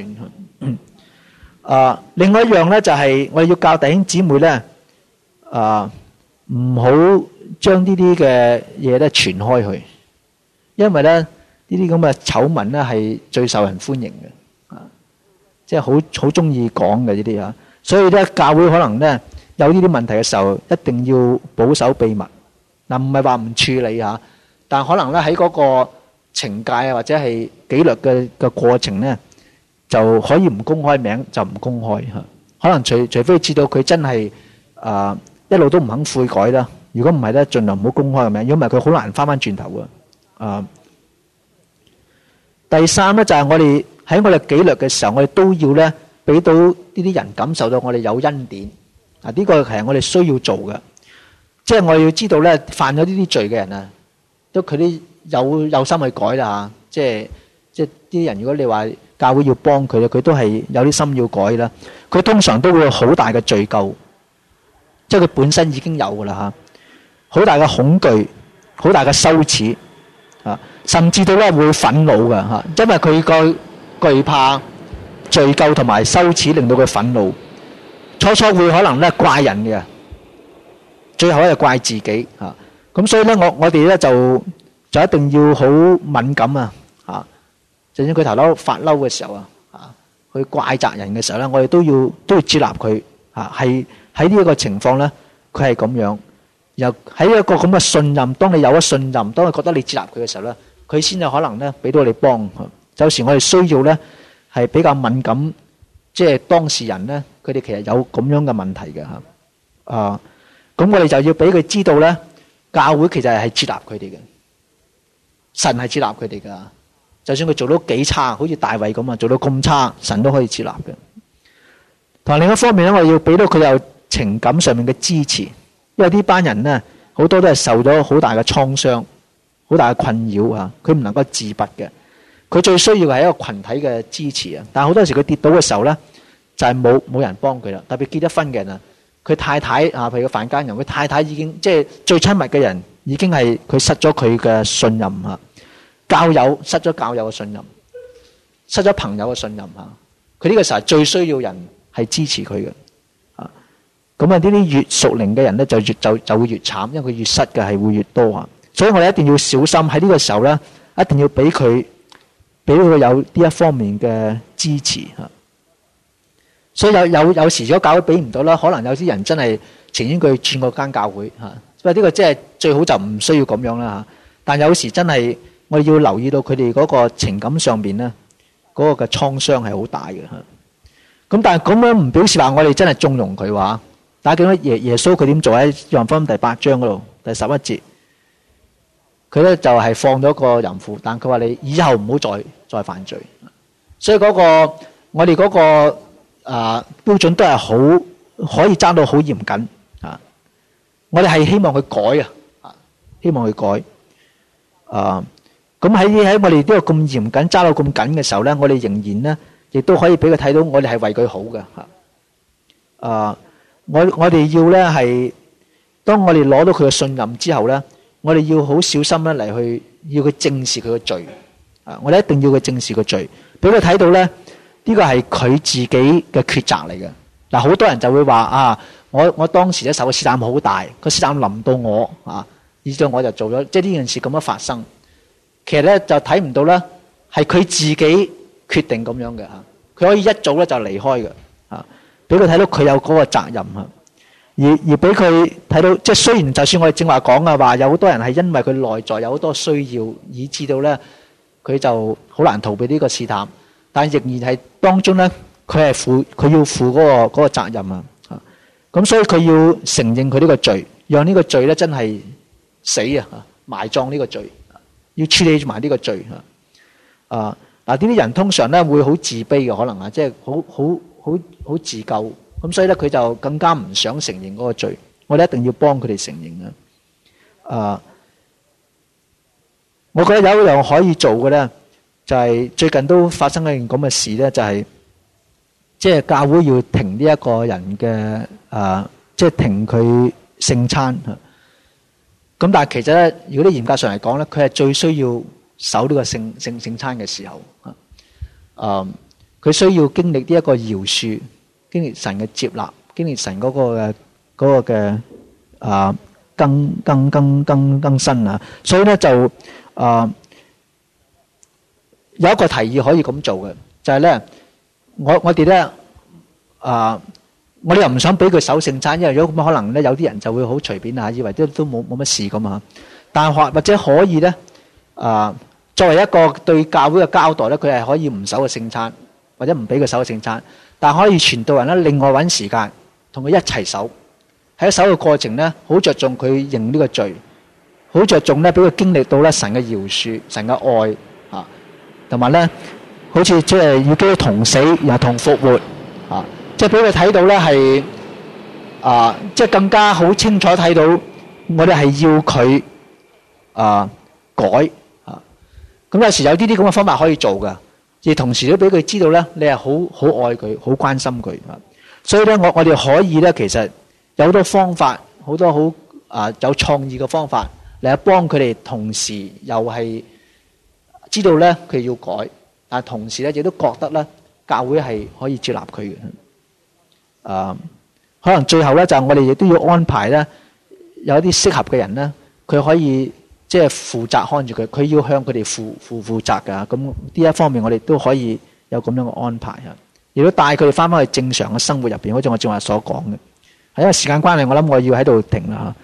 啊、 呃，另外一樣咧就係、是、我哋要教弟兄姊妹咧，啊、呃，唔好將呢啲嘅嘢咧傳開去，因為咧呢啲咁嘅醜聞咧係最受人歡迎嘅，啊，即係好好鍾意講嘅呢啲啊，所以咧教會可能咧。有呢啲問題嘅時候，一定要保守秘密嗱，唔係話唔處理嚇，但可能咧喺嗰個懲戒啊，或者係紀律嘅嘅過程咧，就可以唔公開名就唔公開嚇。可能除除非知道佢真係啊一路都唔肯悔改啦。如果唔係咧，儘量唔好公開個名，因為佢好難翻翻轉頭嘅啊。第三咧就係我哋喺我哋紀律嘅時候，我哋都要咧俾到呢啲人感受到我哋有恩典。嗱，呢、啊這個係我哋需要做嘅，即係我哋要知道咧，犯咗呢啲罪嘅人啊，都佢啲有有心去改啦嚇、啊，即係即係啲人，如果你話教會要幫佢咧，佢都係有啲心要改啦，佢通常都會好大嘅罪疚，即係佢本身已經有噶啦嚇，好、啊、大嘅恐懼，好大嘅羞恥啊，甚至到咧會憤怒嘅嚇、啊，因為佢佢害怕罪疚同埋羞恥，令到佢憤怒。初初會可能咧怪人嘅，最後咧係怪自己吓。咁、啊、所以咧，我我哋咧就就一定要好敏感啊！吓、啊，就算佢頭頭發嬲嘅時候啊，吓，去怪責人嘅時候咧，我哋都要都要接納佢吓。係喺呢一個情況咧，佢係咁樣。又喺一個咁嘅信任，當你有咗信任，當佢覺得你接納佢嘅時候咧，佢先有可能咧俾到你幫佢。啊、有時我哋需要咧係比較敏感，即係當事人咧。佢哋其實有咁樣嘅問題嘅嚇，啊，咁我哋就要俾佢知道咧，教會其實係接納佢哋嘅，神係接納佢哋噶，就算佢做到幾差，好似大衛咁啊，做到咁差，神都可以接納嘅。但另一方面咧，我要俾到佢有情感上面嘅支持，因為呢班人咧好多都係受咗好大嘅創傷，好大嘅困擾嚇，佢、啊、唔能夠自拔嘅，佢最需要係一個群體嘅支持啊。但好多時佢跌倒嘅時候咧，就係冇冇人幫佢啦，特別結咗婚嘅人啊，佢太太啊，譬如個犯奸人，佢太太已經即係最親密嘅人已經係佢失咗佢嘅信任嚇，教友失咗教友嘅信任，失咗朋友嘅信任嚇，佢呢個時候最需要人係支持佢嘅啊，咁啊呢啲越熟齡嘅人咧就越就越就會越慘，因為佢越失嘅係會越多啊，所以我哋一定要小心喺呢個時候咧，一定要俾佢俾佢有呢一方面嘅支持嚇。所以有有有時如果教會俾唔到啦，可能有啲人真係情願佢轉嗰間教會嚇。因、啊、呢、呢個即係最好就唔需要咁樣啦、啊、但有時真係我哋要留意到佢哋嗰個情感上面咧，嗰、嗰個嘅創傷係好大嘅嚇。咁、啊、但係咁樣唔表示話我哋真係縱容佢話。大家見到耶耶穌佢點做喺約翰福音第八章嗰度第十一節？佢咧就係、是、放咗個淫婦，但佢話你以後唔好再再犯罪。所以嗰個我哋嗰個。啊！標準都係好可以揸到好嚴謹啊！我哋係希望佢改啊！希望佢改啊！咁喺喺我哋呢個咁嚴謹揸到咁緊嘅時候咧，我哋仍然咧亦都可以俾佢睇到，我哋係為佢好嘅嚇。啊！我我哋要咧係，當我哋攞到佢嘅信任之後咧，我哋要好小心咧嚟去要佢正視佢嘅罪啊！我哋一定要佢正視個罪，俾佢睇到咧。呢個係佢自己嘅抉擇嚟嘅。嗱，好多人就會話啊，我我當時一手嘅試探好大，個試探臨到我啊，以致到我就做咗，即係呢件事咁樣發生。其實咧就睇唔到咧，係佢自己決定咁樣嘅嚇。佢、啊、可以一早咧就離開嘅嚇，俾佢睇到佢有嗰個責任嚇、啊。而而俾佢睇到，即係雖然就算我哋正話講嘅話有好多人係因為佢內在有好多需要，以致到咧佢就好難逃避呢個試探。.但仍然係當中咧，佢係負佢要負嗰個嗰個責任啊！啊，咁所以佢要承認佢呢個罪，讓呢個罪咧真係死啊，埋葬呢個罪，要處理埋呢個罪啊！啊，嗱，呢啲人通常咧會好自卑嘅可能啊，即係好好好好自咎，咁所以咧佢就更加唔想承認嗰個罪。我哋一定要幫佢哋承認啊！啊，我覺得有一樣可以做嘅咧。就係最近都發生一件咁嘅事咧，就係即係教會要停呢一個人嘅啊，即係停佢聖餐。咁但係其實咧，如果啲嚴格上嚟講咧，佢係最需要守呢個聖聖聖餐嘅時候啊。誒，佢需要經歷呢一個饒恕，經歷神嘅接納，經歷神嗰個嘅嗰個嘅啊更更更更更新啊。所以咧就誒。有一個提議可以咁做嘅，就係、是、咧，我我哋咧，啊，我哋、呃、又唔想俾佢守聖餐，因為如果咁可能咧，有啲人就會好隨便吓，以為都都冇冇乜事㗎嘛。但可或，或者可以咧，啊、呃，作為一個對教會嘅交代咧，佢係可以唔守個聖餐，或者唔俾佢守個聖餐，但可以傳道人咧，另外揾時間同佢一齊守，喺守嘅過程咧，好着重佢認呢個罪，好着重咧，俾佢經歷到咧神嘅饒恕，神嘅愛。同埋咧，好似即係要佢同死又同復活，啊！即係俾佢睇到咧，係啊！即係更加好清楚睇到我哋係要佢啊改啊！咁有時有啲啲咁嘅方法可以做㗎，而同時都俾佢知道咧，你係好好愛佢、好關心佢、啊。所以咧，我我哋可以咧，其實有好多方法，好多好啊有創意嘅方法嚟幫佢哋，同時又係。知道咧佢要改，但係同時咧亦都覺得咧教會係可以接納佢嘅。誒、嗯，可能最後咧就係我哋亦都要安排咧有一啲適合嘅人咧，佢可以即係負責看住佢，佢要向佢哋負負負責噶咁呢一方面我哋都可以有咁樣嘅安排，亦都帶佢哋翻翻去正常嘅生活入邊，好似我正話所講嘅。係因為時間關係，我諗我要喺度停啦。嗯